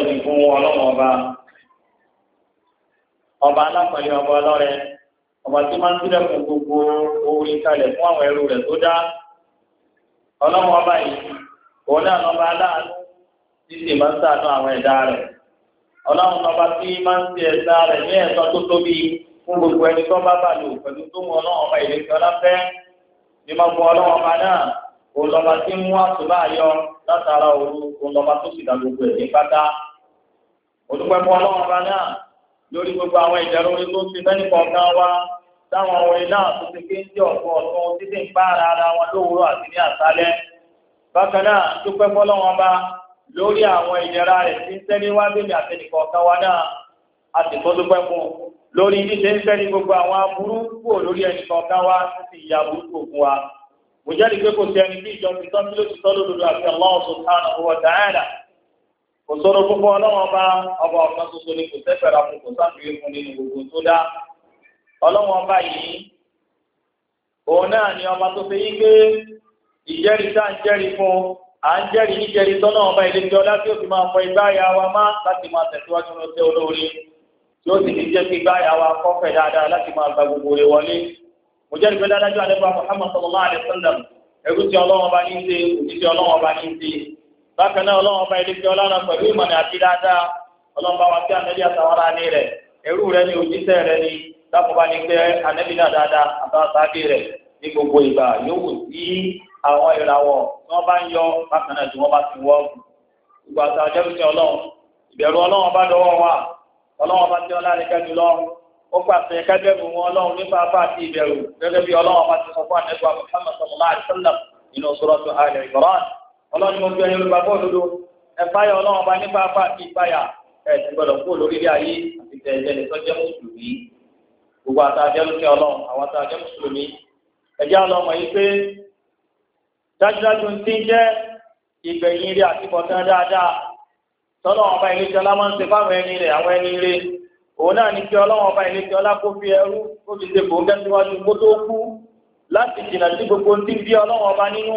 àpẹjù fún ọlọ́wọ́ ọba ọba alápẹ̀lẹ̀ ọba ọlọ́rẹ ọba tí máa ń sílẹ̀kùn gbogbo orí kalẹ̀ fún àwọn ẹrú rẹ̀ tó dá ọlọ́wọ́ ọba yìí òun náà lọ́ba aláàánú tí sì máa ń sàánú àwọn ẹ̀dá rẹ̀ ọlọ́run ọba tí máa ń ṣe ẹ̀dá rẹ̀ ní ẹ̀sán tó tóbi fún gbogbo ẹni tó bá bàlù pẹ̀lú tó mú ọlọ́run ọba ìrètí ọlọ́fẹ́ ní máa mú ọlọ́run ọba náà òun lọ́ba tí mú àtúbà yọ látara òru òun lọ́ba tó sì dá gbogbo ẹ̀ ní pátá olùpẹ̀pọ̀ ọlọ́run náà lórí gbogbo àwọn ìdẹ̀rùn orí tó ń kọ̀ọ̀kan wa táwọn orin náà tó ti ké ń jẹ́ ọ̀pọ̀ ọ̀tún títí ń bá ara ara wọn lówùúrọ̀ àti ní àṣálẹ́ bákan náà ọlọ́run lórí àwọn rẹ̀ wa náà a sì tó dúpẹ́ fún lórí ń sẹ́ni gbogbo àwọn wa àti kò sọ̀rọ̀ ọlọ́wọ́n bá ọba ọ̀kan tuntun ni kò sẹ́fẹ̀rẹ̀ àpò kò sáfìwé fún nínú gbogbo tó dá ọlọ́wọ́n bá yìí òun náà ni ọba tó fi yí pé ìjẹ́rìí tá à ń jẹ́rìí fún à ń jẹ́rìí níjẹ́rìí tọ́nà ọba ilé tí ọlá tí ó fi máa fọ igbá ya wa má láti máa tẹ̀síwájú lọ sí olóore tí ó sì ti ya wa kọ́fẹ̀ dáadáa láti máa gba gbogbo rẹ̀ wọlé mo bákan náà ọlọ́run ọba ilé jẹ́ ọlọ́run pẹ̀lú ìmọ̀nà àti dáadáa ọlọ́run bá wa sí ànẹ́bí àtàwọn ní rẹ̀ ẹrú rẹ ni òjíṣẹ́ rẹ ni dákùnbá ni pé ànẹ́bí náà dáadáa àtàwọn sáábì rẹ̀ ní gbogbo ìgbà yòówù sí àwọn ìràwọ̀ tí wọ́n bá ń yọ bákan náà tí wọ́n bá ti wọ́ gbogbo àti ọlọ́run ìbẹ̀rù ọlọ́run bá dọwọ́ wa ọlọ́run bá ọlọ́run ni mo fi ẹyin olùgbàgbọ́ òdodo ẹ̀fáyà ọlọ́run ọba nípa apá àti ìpáyà ẹ̀ ti gbọ́dọ̀ kú lórílẹ̀ ayé àti tẹ̀lé ẹ̀lẹ́ sọ́jẹ́ mùsùlùmí gbogbo àtàjẹ́ lókè ọlọ́run àwọn àtàjẹ́ mùsùlùmí ẹ̀jẹ̀ ọlọ́mọ yìí pé dájúdájú ti ń jẹ́ ìgbẹ̀yìn rẹ̀ àti bọ̀tán dáadáa tọ́lọ́ ọba ilé tí ọlá máa ń ṣe fáwọn ẹni rẹ̀ àwọn ẹni rẹ̀ òun náà ní kí ọlọ́wọ́n ọba ilé tí ọlá kó fi ẹrú kó fi ṣe bòńgẹ́ síwájú kó tó kú láti jìnnà sí gbogbo ti ń bí ọlọ́wọ́n ọba nínú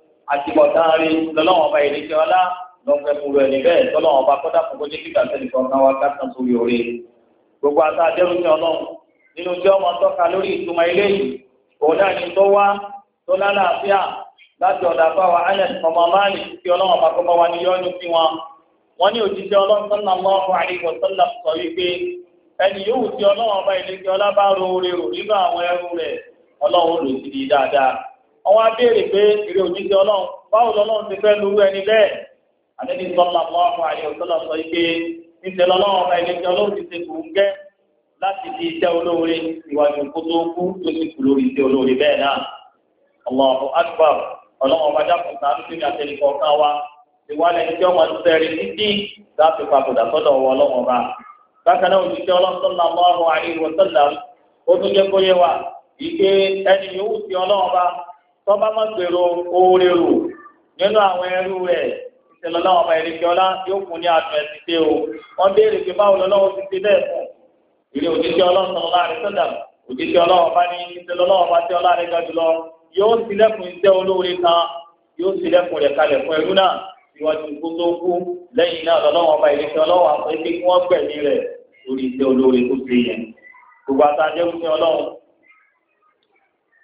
àtibọ̀tán rí lọ́lọ́wọ́n ọba ìrèké ọlá lọ́gbẹ́ fún rẹ̀ níbẹ̀ lọ́lọ́wọ́n ọba kọ́dà fún kọjá kíkà sẹ́ni kọ̀ọ̀kan wa kásán sórí orí. gbogbo àti àjẹrù ní ọlọ́run nínú tí ọmọ tọ́ka lórí ìtumọ̀ ilé yìí òun náà ni tó wá tó lálàáfíà láti ọ̀dà fáwa anet ọmọ máàlì tí ọlọ́run ọba kọ́ bá wa ní yọ́nú sí wọn. wọ́n ní òjijì ọlọ́run sọ́nà ọwọ́ abéèrè pé èrè òjíṣẹ́ ọlọ́run báwo lọ́lọ́run ti fẹ́ lórí ẹni bẹ́ẹ̀ àdébí sọ́lá mọ́ àwọn àyè òṣèlú sọ pé níṣẹ́ lọ́lọ́run ọba ìlẹ́jọ́ ọlọ́run ti ṣe kò láti di iṣẹ́ olóore ìwájú kó tó kú tó kú lórí iṣẹ́ olóore bẹ́ẹ̀ náà ọlọ́run ọba kan wa ike ní tí títí láti papòdà sọ́dọ̀ ọba bákan tọ́ba máa gbèrò oore rò nínú àwọn ẹrú rẹ̀ ìṣẹ̀lẹ̀ ọlọ́wọ́ ọmọ ẹ̀rí kí ọlá yóò fún ní adùn pé o wọ́n béèrè pé báwo ti ṣe bẹ́ẹ̀ fún ìrè òjíṣẹ́ láàrin sọ́dà òjíṣẹ́ bá ní ìṣẹ̀lẹ̀ ọlọ́run bá tí ọlá rẹ̀ ga jùlọ yóò iṣẹ́ olóore kan yóò rẹ̀ kalẹ̀ fún ẹrú náà kú lẹ́yìn náà lọ́lọ́wọ́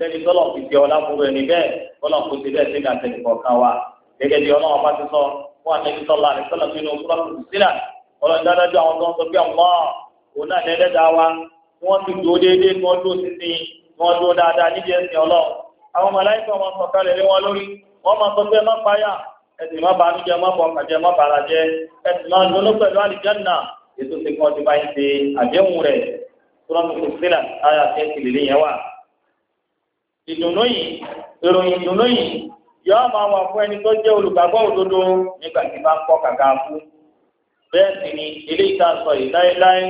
lẹ́ni tọ́lọ̀ fi jẹ́ ọlá fún ẹni bẹ́ẹ̀ tọ́lọ̀ kó ti bẹ́ẹ̀ sígá tẹ̀lé kọ̀ọ̀kan wa gẹ́gẹ́ bí ọlọ́wọ́ bá ti sọ fún àtẹ̀kí sọ́lá rẹ̀ sọ́lá nínú sọ́lọ́kùn sílà ọlọ́run dáadájú àwọn tó ń sọ pé ọmọ òun náà lẹ́lẹ́dàá wa tí wọ́n ti dúró déédéé tí wọ́n dúró sísìn tí wọ́n dúró dáadáa níbi ẹ̀sìn ọlọ́run àwọn mọ̀láìkọ̀ wọn sọ kalẹ̀ lé yẹn wà ìdùnnú yìí ìròyìn ìdùnnú yìí yọọ máa wà fún ẹni tó jẹ́ olùgbàgbọ́ òdodo nígbà tí bá ń kọ kàkà fún bẹ́ẹ̀ sì ni eléyìí tá a sọ yìí láéláé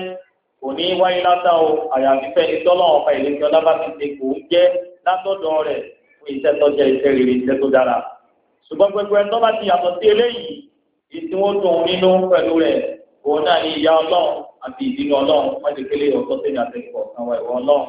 kò ní wáyé látà o àyàfi fẹni tọ́lọ́ ọ̀pá ìlẹ́jọ́ lábá ti ṣe kò ń jẹ́ látọ̀dọ̀ rẹ̀ fún iṣẹ́ tó jẹ́ iṣẹ́ rere iṣẹ́ tó dára ṣùgbọ́n gbogbo ẹ̀ tó bá ti yàtọ̀ sí eléyìí ìsìn wọn dùn nínú pẹ̀lú rẹ̀ òun náà ní ìyá ọlọ́run àti ìdínú ọlọ́run wọ́n ti kélé ọ̀tọ́ sẹ́yìn àtẹ̀kọ̀ àwọn ẹ̀wọ̀ ọlọ́run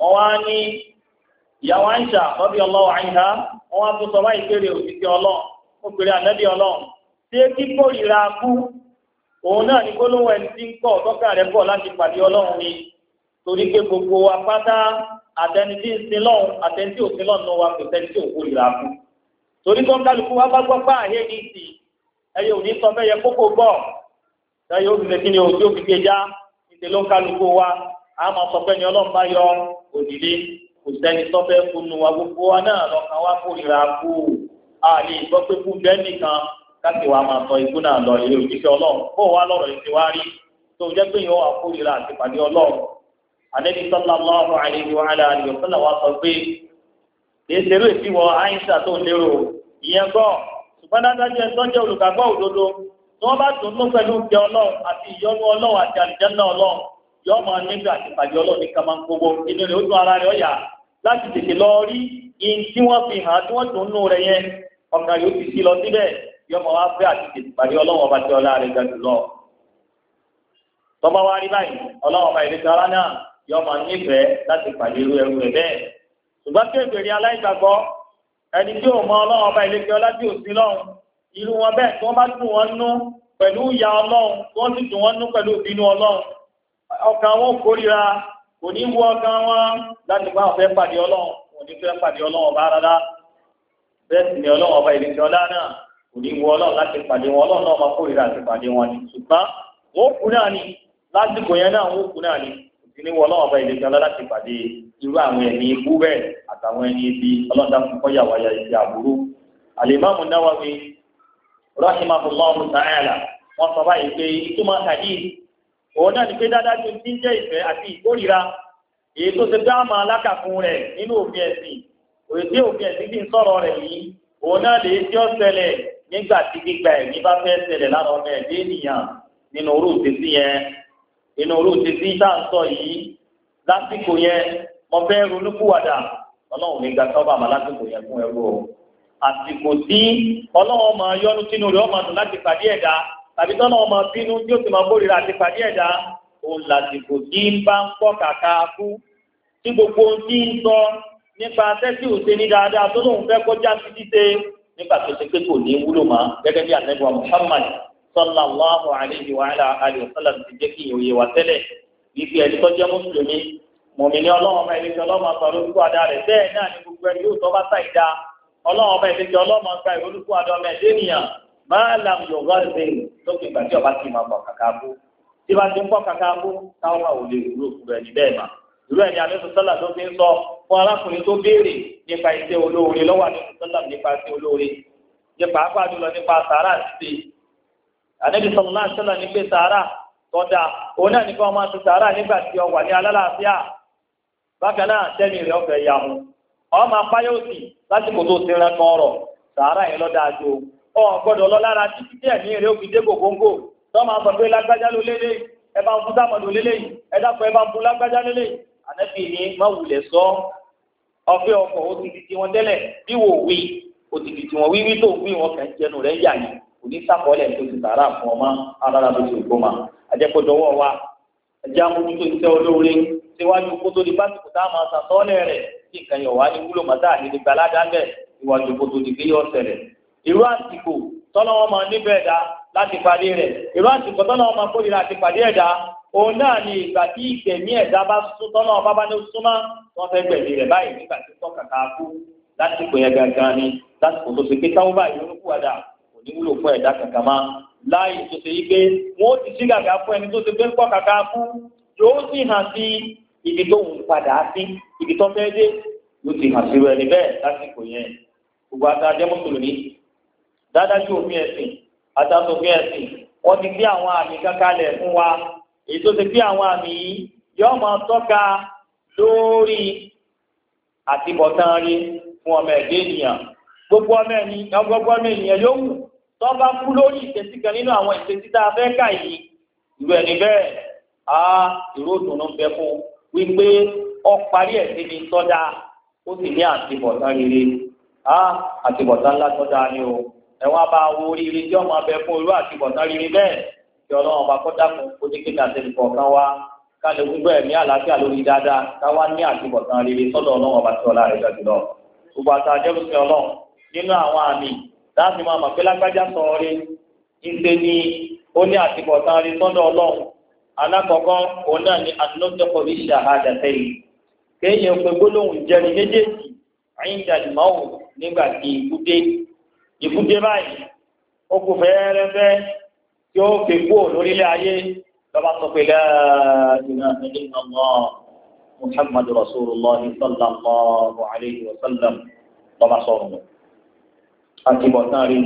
wọ́n wá ní ìyàwó àìsà lọ́bí ọlọ́wọ́ àìsà wọ́n wá tó wá ìpèrè òṣìṣẹ́ ọlọ́run ó pèrè ànábì ọlọ́run ṣé ìra kú òun náà láti pàdé ọlọ́run ni torí pé gbogbo wa pátá àtẹni tí ń sin lọ́run tí ò wa kò sẹ́ni tí ò kó ìra kú torí tó kálukú wa bá ìsì onílé kò sẹ́ni tọ́fẹ́ kunu wa gbogbo wa náà lọ́kàn wa kórìíra kú a lè gbọ́ pé kú bẹ́ẹ̀ nìkan káàkì wa máa tọ ikú náà lọ ilé òjíṣẹ́ ọlọ́run kó wa lọ́rọ̀ ìṣe wa rí tó jẹ́ pé yóò wá kórìíra àti pàdé ọlọ́run àdébí sallallahu alaihi wa ala alihi wa sallam wa sọ pé èsèrú èsì wọ àyíṣà tó ń lérò ìyẹn gbọ́ ṣùgbọ́n dájú ẹ̀sọ́ jẹ́ olùgbàgbọ́ òdodo tí wọ́n bá dùn ún pẹ̀lú ìjẹ ọlọ́run àti ìyọnu ọlọ́run àti àlùjànnà ọlọ́run yọ ọmọ nígbà tí pàdé ọlọ́ọ̀ni ká máa ń kówó inú rẹ̀ ó tún ara rẹ̀ ọ̀yà láti tètè lọ rí in tí wọ́n fi hàn tí wọ́n tún nú rẹ̀ yẹn ọkàn yóò ti sí lọ síbẹ̀ yọ ọmọ wa fẹ́ àti tètè pàdé ọlọ́wọ́n ọba tí ọlá rẹ̀ ga jùlọ. tọ́ba wa rí báyìí ọlọ́wọ́n ọba ìrètí ara náà yọ ọmọ nífẹ̀ẹ́ láti pàdé irú ẹrú rẹ̀ bẹ́ẹ̀ ṣùgbọ́n kébèrè aláìgbàgbọ́ ẹni tí ò mọ ọlọ́wọ́n ọba ìrètí ọlá tí ò bá dùn ọkàn wọn kórìíra kò ní wú ọkàn wọn láti bá ọ̀fẹ́ pàdé ọlọ́run kò ní fẹ́ pàdé ọlọ́run ọba rárá bẹ́ẹ̀ sì ni ọlọ́run ọba ìrìnsẹ̀ ọlá náà kò ní wú ọlọ́run láti pàdé wọn ọlọ́run náà máa kórìíra àti pàdé wọn ni ṣùgbọ́n wọn náà ni lásìkò yẹn náà wọn náà ni wọ ọba láti pàdé irú àwọn ẹni ikú bẹ́ẹ̀ àtàwọn ẹni ibi òun náà ni pé dádájú ti ń jẹ́ ìfẹ́ àti ìkórìíra èyí tó ti dáàmà alákàkún rẹ̀ nínú òfin ẹ̀sìn òye tí òfin ẹ̀sìn ti ń sọ̀rọ̀ rẹ̀ yìí òun náà lè tí ó ṣẹlẹ̀ nígbà tí gbígba ẹ̀mí bá fẹ́ ṣẹlẹ̀ lára ọmọ ènìyàn nínú orú yẹn nínú o àsìkò ọlọ́run máa láti tàbí tọ́nà ọmọ bínú tí ó sì máa bórira àti pàdé ẹ̀dá òun làsìkò tí ń bá ń pọ̀ kàkà gbogbo ohun tí ń sọ nípa sẹ́sì òṣè ní dáadáa tó lóun fẹ́ kọjá sí títẹ nígbà tó ṣe pé ní Muhammad ti jẹ́ kí tẹ́lẹ̀ wípé ẹni tó jẹ́ mùsùlùmí ọlọ́run ọba máa làm yọ̀gọ́ ẹ̀fẹ́ lókè ìgbà tí ọba ti máa pọ̀ kàkà bú tí bá ti ń pọ̀ kàkà bú táwọn ò lè wúlò fún ẹni bẹ́ẹ̀ mà irú ẹni àlejò sọ́là tó fi ń sọ fún arákùnrin tó béèrè nípa iṣẹ́ olóore lọ́wọ́ sọ́là nípa iṣẹ́ olóore nípa apá jùlọ nípa sàárà sọ́là ní pé sàárà òun náà sàárà nígbà tí ọ wà ní alálàáfíà bákan náà rẹ̀ ọ̀fẹ́ ọ máa páyọ̀ tó ọ̀gbọ́dọ̀ lọ lára títí tí ẹ̀mí rẹ̀ ó dé gògóńgò tó máa sọ pé lágbájá ló lélẹ̀ ẹ ń fún sámọ̀dù lélẹ̀ ẹ dápọ̀ ń fún lágbájá lélẹ̀ ànẹ́bí ni má wulẹ̀ sọ ọfẹ́ ọkọ̀ ó ti di ti wọn tẹ́lẹ̀ bí wò wí ó ti di ti wọn wíwí tó wí wọn kàn jẹnu rẹ̀ yà yìí kò ní sàkọọ́lẹ̀ tó ti sàrà fún ọmọ alára tó ti ògbó ma àjẹpọ̀dọ̀wọ́ wa ẹjẹ́ amójútó iṣẹ́ olóore síwájú kótó di básìkò tá a máa sàtọ́ọ́lẹ̀ rẹ̀ kí nǹkan yọ̀ wá ní wúlò mọ́tà àdéhùn gbaládàá bẹ́ẹ̀ síwájú kótó di gbéyọ̀ sẹ̀rẹ̀ irú àsìkò tọ́lọ́wọ́ máa níbẹ̀ ẹ̀dá láti parí rẹ̀ irú àsìkò tọ́lọ́wọ́ máa kórìíra láti parí ẹ̀dá òun náà ni ìgbà tí ìgbẹ̀mí ẹ̀dá bá sún tọ́lọ́wọ́ bá bá ní súnmọ́ wọ́n fẹ́ gbẹ̀mí rẹ̀ báyìí nígbà tí tọ́ kàkà kú lásìkò yẹn gangan ni lásìkò tó ṣe pé táwọn báyìí ló kúwàdà kò ní wúlò fún ẹ̀dá kankan má láàyè tó ṣe yí pé wọ́n ó ti sí gàgà fún ẹni tó ṣe pé pọ́ kàkà kú yóò sì hàn sí ibi tó ń padà sí ibi tó fẹ́ dé yóò sì hàn sí rẹ̀ níbẹ̀ lásìkò yẹn gbogbo àtàjẹ́ mùsùlùmí dádájú òfin ẹ̀sìn àtàtòfin ẹ̀sìn wọ́n ti gbé àwọn àmì kankalẹ̀ fún wa èyí tó ti gbé àwọn àmì yìí yóò máa tọ́ka lórí àtibọ̀tán rí fún ọmọ ẹ̀dẹ́ ènìyàn gbogbo ọmọ ènìyàn gbogbo ọmọ ènìyàn yóò wù tó bá kú lórí ìṣesí kan nínú àwọn ìṣesí tá a fẹ́ kà yìí ìlú ẹni bẹ́ẹ̀ á ìró ìdùnnú bẹ fún wípé ọ parí ẹ̀ síbi tọ́jà ó sì ní àtibọ̀tán rere á àtibọ̀tán ńlá tọ́jà ni o ẹ wá bá wo oríire tí ọmọ abẹ fún olú àti bọ̀tán rere bẹ́ẹ̀ kí ọlọ́run ọba kọ́ dàpọ̀ kó dé kéde àtẹnù kọ̀ọ̀kan wá ká lè gbogbo ẹ̀mí àlàáfíà lórí dáadáa ká wá ní àti bọ̀tán rere sọ́dọ̀ ọlọ́run ọba tí ọlá rẹ̀ ga jùlọ. gbogbo àti àjẹmísìn ọlọ́run nínú àwọn àmì láti máa mọ̀ pé lágbájá sọ ọ́rẹ́ ìṣe ni ó ní àti bọ̀tán rere sọ́dọ̀ ọlọ́run alákọ̀ọ́kọ́ òun náà ni àdúnnọ́tẹ́kọ̀ọ́ bí ṣe ikú dé báyìí ó kù fẹ́ẹ́rẹ́fẹ́ tí ó fi kú lórílẹ̀ ayé lọ́ba tó pe láàdínà nílùú náà muhammadu rasulullah sallallahu alayhi wa sallam lọ́ba sọ̀rọ̀ mọ́. àtibọ̀tán rí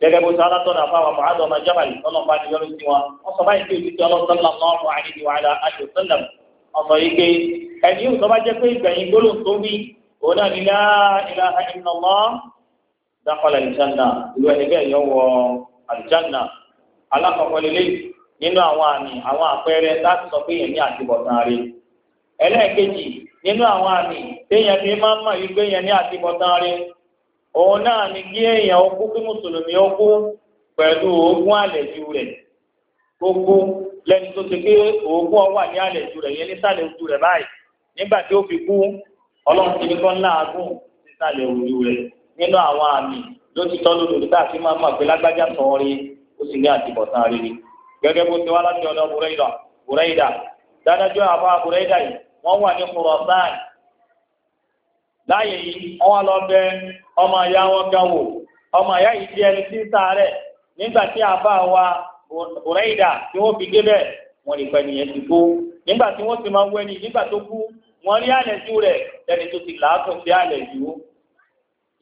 gẹ́gẹ́ bó sara tọ́da fáwọn mọ̀hádọ́ ọmọ jábàlì ọlọ́pàá ni yọrù sí wọn wọ́n sọ báyìí pé òbítí ọlọ́sọ́lá náà wà ní ìwàlá àti òsọ́lá ọmọ yìí pé ẹni yóò sọ bá jẹ́ pé ìgbẹ̀yìn gbólóhùn tó wí òun náà ní láìlá ìnáwó dákọ̀lá ìjánná ìlú ẹni bẹ́ẹ̀ yọ wọ àlùjánná alákọ̀ọ́kọ́ lélẹ̀ nínú àwọn àmì àwọn àpẹẹrẹ òun náà ni kí èèyàn ó kú kí mùsùlùmí ó kú pẹ̀lú oògùn àlẹ́jù rẹ̀ gbogbo lẹ́ni tó ti pé oògùn ọwà ní àlẹ́jù rẹ̀ yẹn nísàlẹ̀ ojú rẹ̀ báyìí nígbà tí ó fi kú ọlọ́run ti ní kọ́ ńlá agùn nísàlẹ̀ ojú rẹ̀ nínú àwọn àmì ló ti tọ́ lódò nígbà tí máa lágbájá rí láàyè yìí wọ́n lọ bẹ ọmọ ìyá wọn gan ọmọ ìyá yìí di ẹni tí ń rẹ nígbà tí bá wa òrẹ́ìdà tí wọ́n fi débẹ̀ wọ́n lè pẹ́ nìyẹn ti kú nígbà tí wọ́n ti máa wẹ́ ẹni nígbà tó kú wọ́n rí rẹ̀ tó ti làákùn sí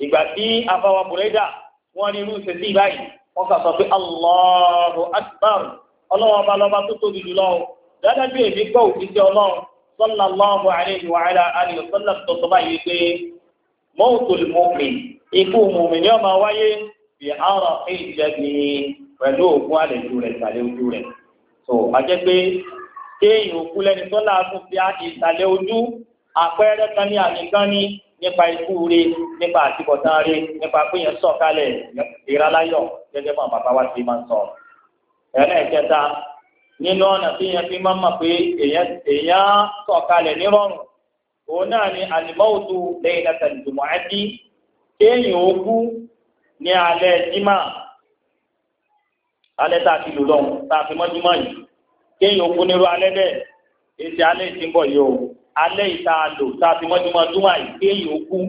ìgbà tí wa wọ́n rí irú wọ́n kà sọ pé Allahu Akbar ọba lọ́ba tó sallallahu alayhi wa ala alihi wa sallam tó sọ báyìí pé mawtul mu'min ikú mu'min ni ó máa wáyé bí àárọ̀ ìjẹ́bi pẹ̀lú ògùn àlejò rẹ̀ ìsàlẹ̀ ojú rẹ̀ tó a jẹ́ pé kéèyàn òkú lẹ́ni tó láàbù fi ìsàlẹ̀ ojú àpẹẹrẹ kan ní àmì kan ní nípa ikú rẹ̀ nípa àtibọ̀tán rẹ̀ nípa pé yẹn sọ̀kalẹ̀ ìralayọ̀ gẹ́gẹ́ bá bàbá wa ti máa ń sọ ẹlẹ́ẹ̀kẹta nínú ọ̀nà tí èèyàn fi máa ń mọ̀ pé èèyàn sọ̀kalẹ̀ nírọ̀rùn òun náà ni àlìmọ́òtú lẹ́yìn àtàlùmọ̀ àti kéèyàn ogún ní alẹ́ jímà alẹ́ tá a ti lò lọ́hùn tá a fi mọ́ jímà yìí kéèyàn ogún nírú alẹ́ bẹ́ẹ̀ èsì alẹ́ ìsìnbọ̀ yìí o alẹ́ ìta lò tá mọ́ jímà dúnmà yìí kéèyàn ogún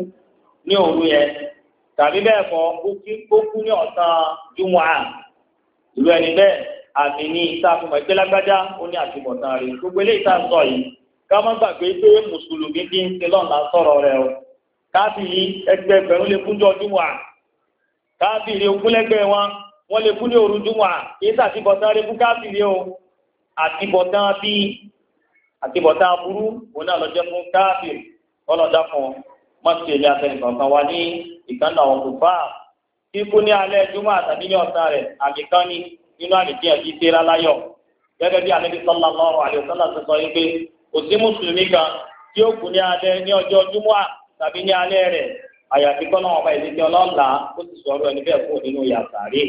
ní òru yẹn tàbí bẹ́ẹ̀ kọ́ ó kú ní ọ̀sán júmọ̀ à ìlú ẹni bẹ́ẹ̀ àmì ní ìtàkùnmọ̀ ìpínlẹ̀ lágbájá ó ní àtúbọ̀tán rẹ̀ gbogbo eléyìí tá a sọ yìí ká má gbàgbé pé mùsùlùmí ti ń sin lọ́nà sọ̀rọ̀ rẹ̀ o káàbìrì ẹgbẹgbẹ̀rún lè kúnjọ ọdún wà káàbìrì ogúnlẹ́gbẹ̀ wọn wọ́n lè kún ní òru dún wà kí sí àtibọ̀tán rẹ̀ fún káàbìrì o àtibọ̀tán bí àtibọ̀tán burú òun náà lọ jẹ́ fún káàbìrì ọlọ́dà fún mọ́tì èlé àtẹnìkọ̀ọ̀kan wa ní ìkànnà ọ̀dùnfà kíkú ní alẹ́ júmọ̀ àtàbí ní ọ̀sán rẹ̀ àmì kan nínú àlejò àti ìtẹ́ra láyọ̀ gẹ́gẹ́ bí alẹ́ bí sọ́lá lọ́rùn àlẹ́ sọ́lá ti sọ yìí pé kò sí mùsùlùmí kan tí ó kù ní alẹ́ ní ọjọ́ júmọ́à tàbí ní alẹ́ rẹ̀ àyàfi kọ́nà ọba ìdíje ọlọ́ọ̀la ó sì sọ ọ̀rọ̀ ẹni bẹ́ẹ̀ kú nínú yàtàrí.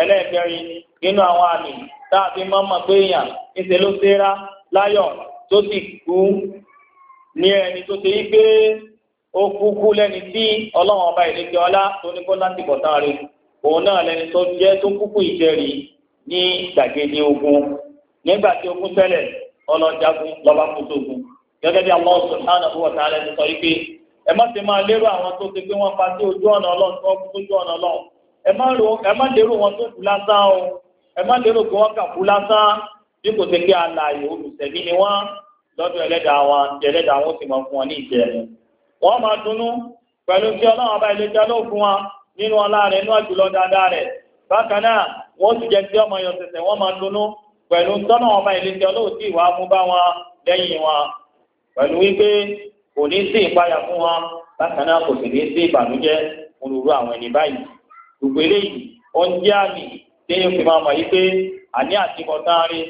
ẹlẹ́ẹ̀kẹrin nínú àwọn àmì tá a fi máa mọ̀ pé èèyàn níṣẹ́ ló ṣera láyọ̀ tó sì kú ní ẹni tó ṣe yí pé ó kúkú lẹ́ni tí ọlọ́run ọba ìdíje ọlá tó ní kó láti bọ̀ sáré òun náà lẹni tó jẹ́ tó kúkú ìjẹ́rì ní gbàgede ogun nígbà tí ogun tẹ́lẹ̀ ọlọ́jagun lọ́ba kútó ogun gẹ́gẹ́ bí Allah subhanahu wa ta'ala ti sọ yìí pé ẹ má ti máa lérò àwọn tó ti pé wọn pa sí ojú ọ̀nà ọlọ́run tó ọ̀nà ọlọ́run ẹ má lérò wọn tó kú o ẹ má lérò pé kà kú lásán bí kò ti alààyè olùsẹ̀mí ni lọ́dọ̀ ẹlẹ́dàá wọn ti fún wọn nínú ọlá rẹ̀ ní àjùlọ dáadáa rẹ̀ bákan náà wọ́n ti jẹ́ tí ọmọ yọ tẹ̀sẹ̀ wọ́n máa dunú pẹ̀lú tọ́nà ọba ìlẹ́jẹ́ olóòtú ìwà mú bá wọn lẹ́yìn wọn pẹ̀lú wípé kò ní sí ìpayà fún wọn bákan náà kò sì ní sí ìbànújẹ́ olùrú àwọn ẹni báyìí gbogbo eléyìí ó ń jẹ́ àmì téèyàn fi máa mọ̀ yí àní àtibọ̀tán rí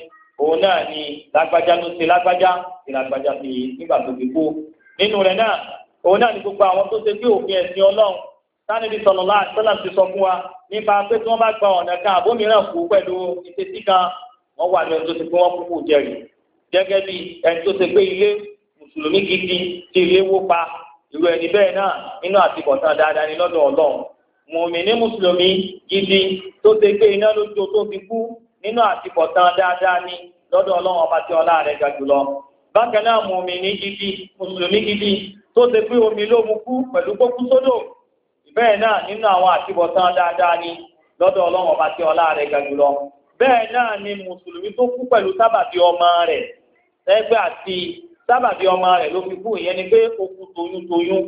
òun náà ni lágbájá ló ṣe lágbájá ti lágbájá fi nígbà tó fi kú nínú rẹ̀ náà òun náà ni gbogbo àwọn tó ṣe bí òfin ẹ̀sìn ọlọ́run tánibí sallallahu alaihi wasallam ti sọ fún wa nípa pé tí wọ́n bá gba ọ̀nà kan àbómìíràn kú pẹ̀lú ìṣesí kan wọ́n wà ní ẹni tó ti pé wọ́n kúkú jẹrìí gẹ́gẹ́ bí ẹni tó ti pé ilé mùsùlùmí gidi ti ilé wó pa irú ẹni bẹ́ẹ̀ náà nínú àtibọ̀tán dáadáa ni lọ́dọ̀ ọlọ́run mùmíní mùsùlùmí gidi tó ti pé iná lójú tó fi kú nínú àtibọ̀tán dáadáa ni lọ́dọ̀ ọlọ́run ọba tí ọlá rẹ̀ ga jùlọ bákan náà mùmíní gidi mùsùlùmí gidi tó ti pé omi ló mu kú pẹ̀lú kókú sódò bẹ́ẹ̀ náà nínú àwọn àtibọ̀tán dáadáa ni lọ́dọ̀ ọlọ́run ọba tí ọlá rẹ̀ ga jùlọ bẹ́ẹ̀ náà ni mùsùlùmí tó kú pẹ̀lú sábàbí ọmọ rẹ̀ ẹgbẹ́ àti sábàbí ọmọ rẹ̀ ló fi kú ìyẹn ni pé ó toyúntoyún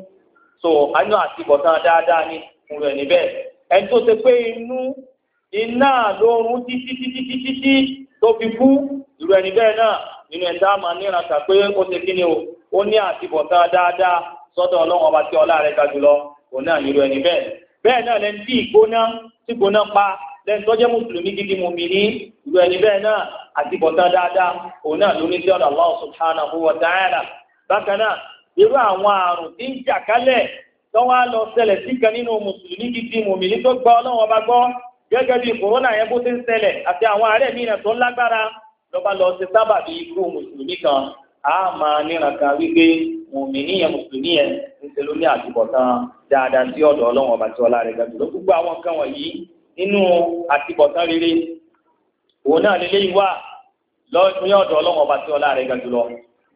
so àánú àtibọ̀tán dáadáa ni fún rẹ̀ níbẹ̀ ẹni tó ṣe pé inú iná lóorun títí títí títí tó fi kú ìlú ẹni bẹ́ẹ̀ náà nínú ẹ̀dá máa ní ìrànkà pé ó ṣe kí ni o ó ní àtibọ̀tán dáadáa sọ́dọ̀ ọlọ́run ọba tí ọlá rẹ̀ ga jùlọ òun náà irú ẹni bẹ́ẹ̀ bẹ́ẹ̀ náà lẹni tí ìgbóná tí gbóná pa lẹni tó jẹ́ mùsùlùmí gidi mùmí ní irú ẹni bẹ́ẹ̀ náà àti bọ̀tán dáadáa òun náà ló ní sí ọ̀dọ̀ Allah subhanahu wa ta'ala bákan náà irú àwọn àrùn tí ń jà kálẹ̀ tó wá lọ ṣẹlẹ̀ sí kan nínú mùsùlùmí gidi mùmí ní tó gbọ́ ọlọ́wọ́n bá gbọ́ gẹ́gẹ́ bí kòrónà yẹn bó ti ń ṣẹlẹ̀ àti àwọn àárẹ̀ mìíràn tó lágbára lọ́ba lọ sí sábàbí irú mùsùlùmí kan a máa níran kan wípé mùmí níyẹn mùsùlùmí yẹn ń ṣe ló ní àtúbọ̀tán dáadáa sí ọ̀dọ̀ ọlọ́wọ́n ọba tí ọlá rẹ̀ ga jùlọ gbogbo àwọn nǹkan wọ̀nyí nínú àtúbọ̀tán rere òun náà lélẹ́yìí wà lọ́ọ̀dún ọ̀dọ̀ ọlọ́wọ́n ọba tí ọlá rẹ̀ ga jùlọ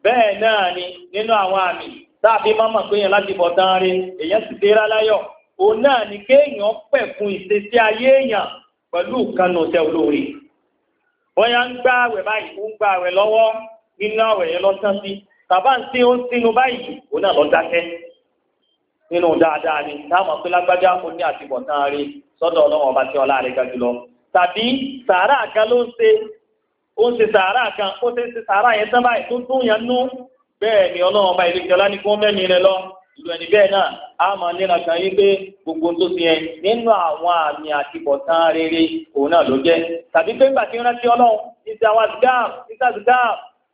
bẹ́ẹ̀ náà ni nínú àwọn àmì tàbí mọ́mọ́ pé yẹn láti bọ̀ tán rí èyàn sì dé ráláyọ̀ òun náà ni kéèyàn pẹ̀ fún ìṣesí ayé èèyàn pẹ̀lú ìkànnà tẹ olóore bóyá ń gbààwẹ̀ báyìí ń gbààwẹ̀ lọ́wọ́ nínú àwẹ̀ yẹn lọ́sán sí tàbá ń tí ó ń sínú báyìí òun náà lọ dákẹ́ nínú dáadáa ni táwọn ọ̀pẹ lágbájá ó ní àtibọ̀tán rí sọ́dọ̀ ọlọ́run ọba tí ọlá rẹ̀ ga jùlọ tàbí sàárà kan ló ń ṣe ó ń ṣe sàárà kan ó ṣe ń ṣe sàárà yẹn tán báyìí tó tún yẹn nú bẹ́ẹ̀ ni ọlọ́run ọba ìlú ìjọba ní kí wọ́n mẹ́rin rẹ lọ ìlú ẹni bẹ́ẹ̀ náà a máa nira kan yí pé gbogbo tó ti yẹn nínú àwọn àmì àtibọ̀tán rere òun náà ló jẹ́ tàbí pé ńgbà tí ń rántí ọlọ́run ní ti àwọn àdìgáàmù ní ti àdìgáàmù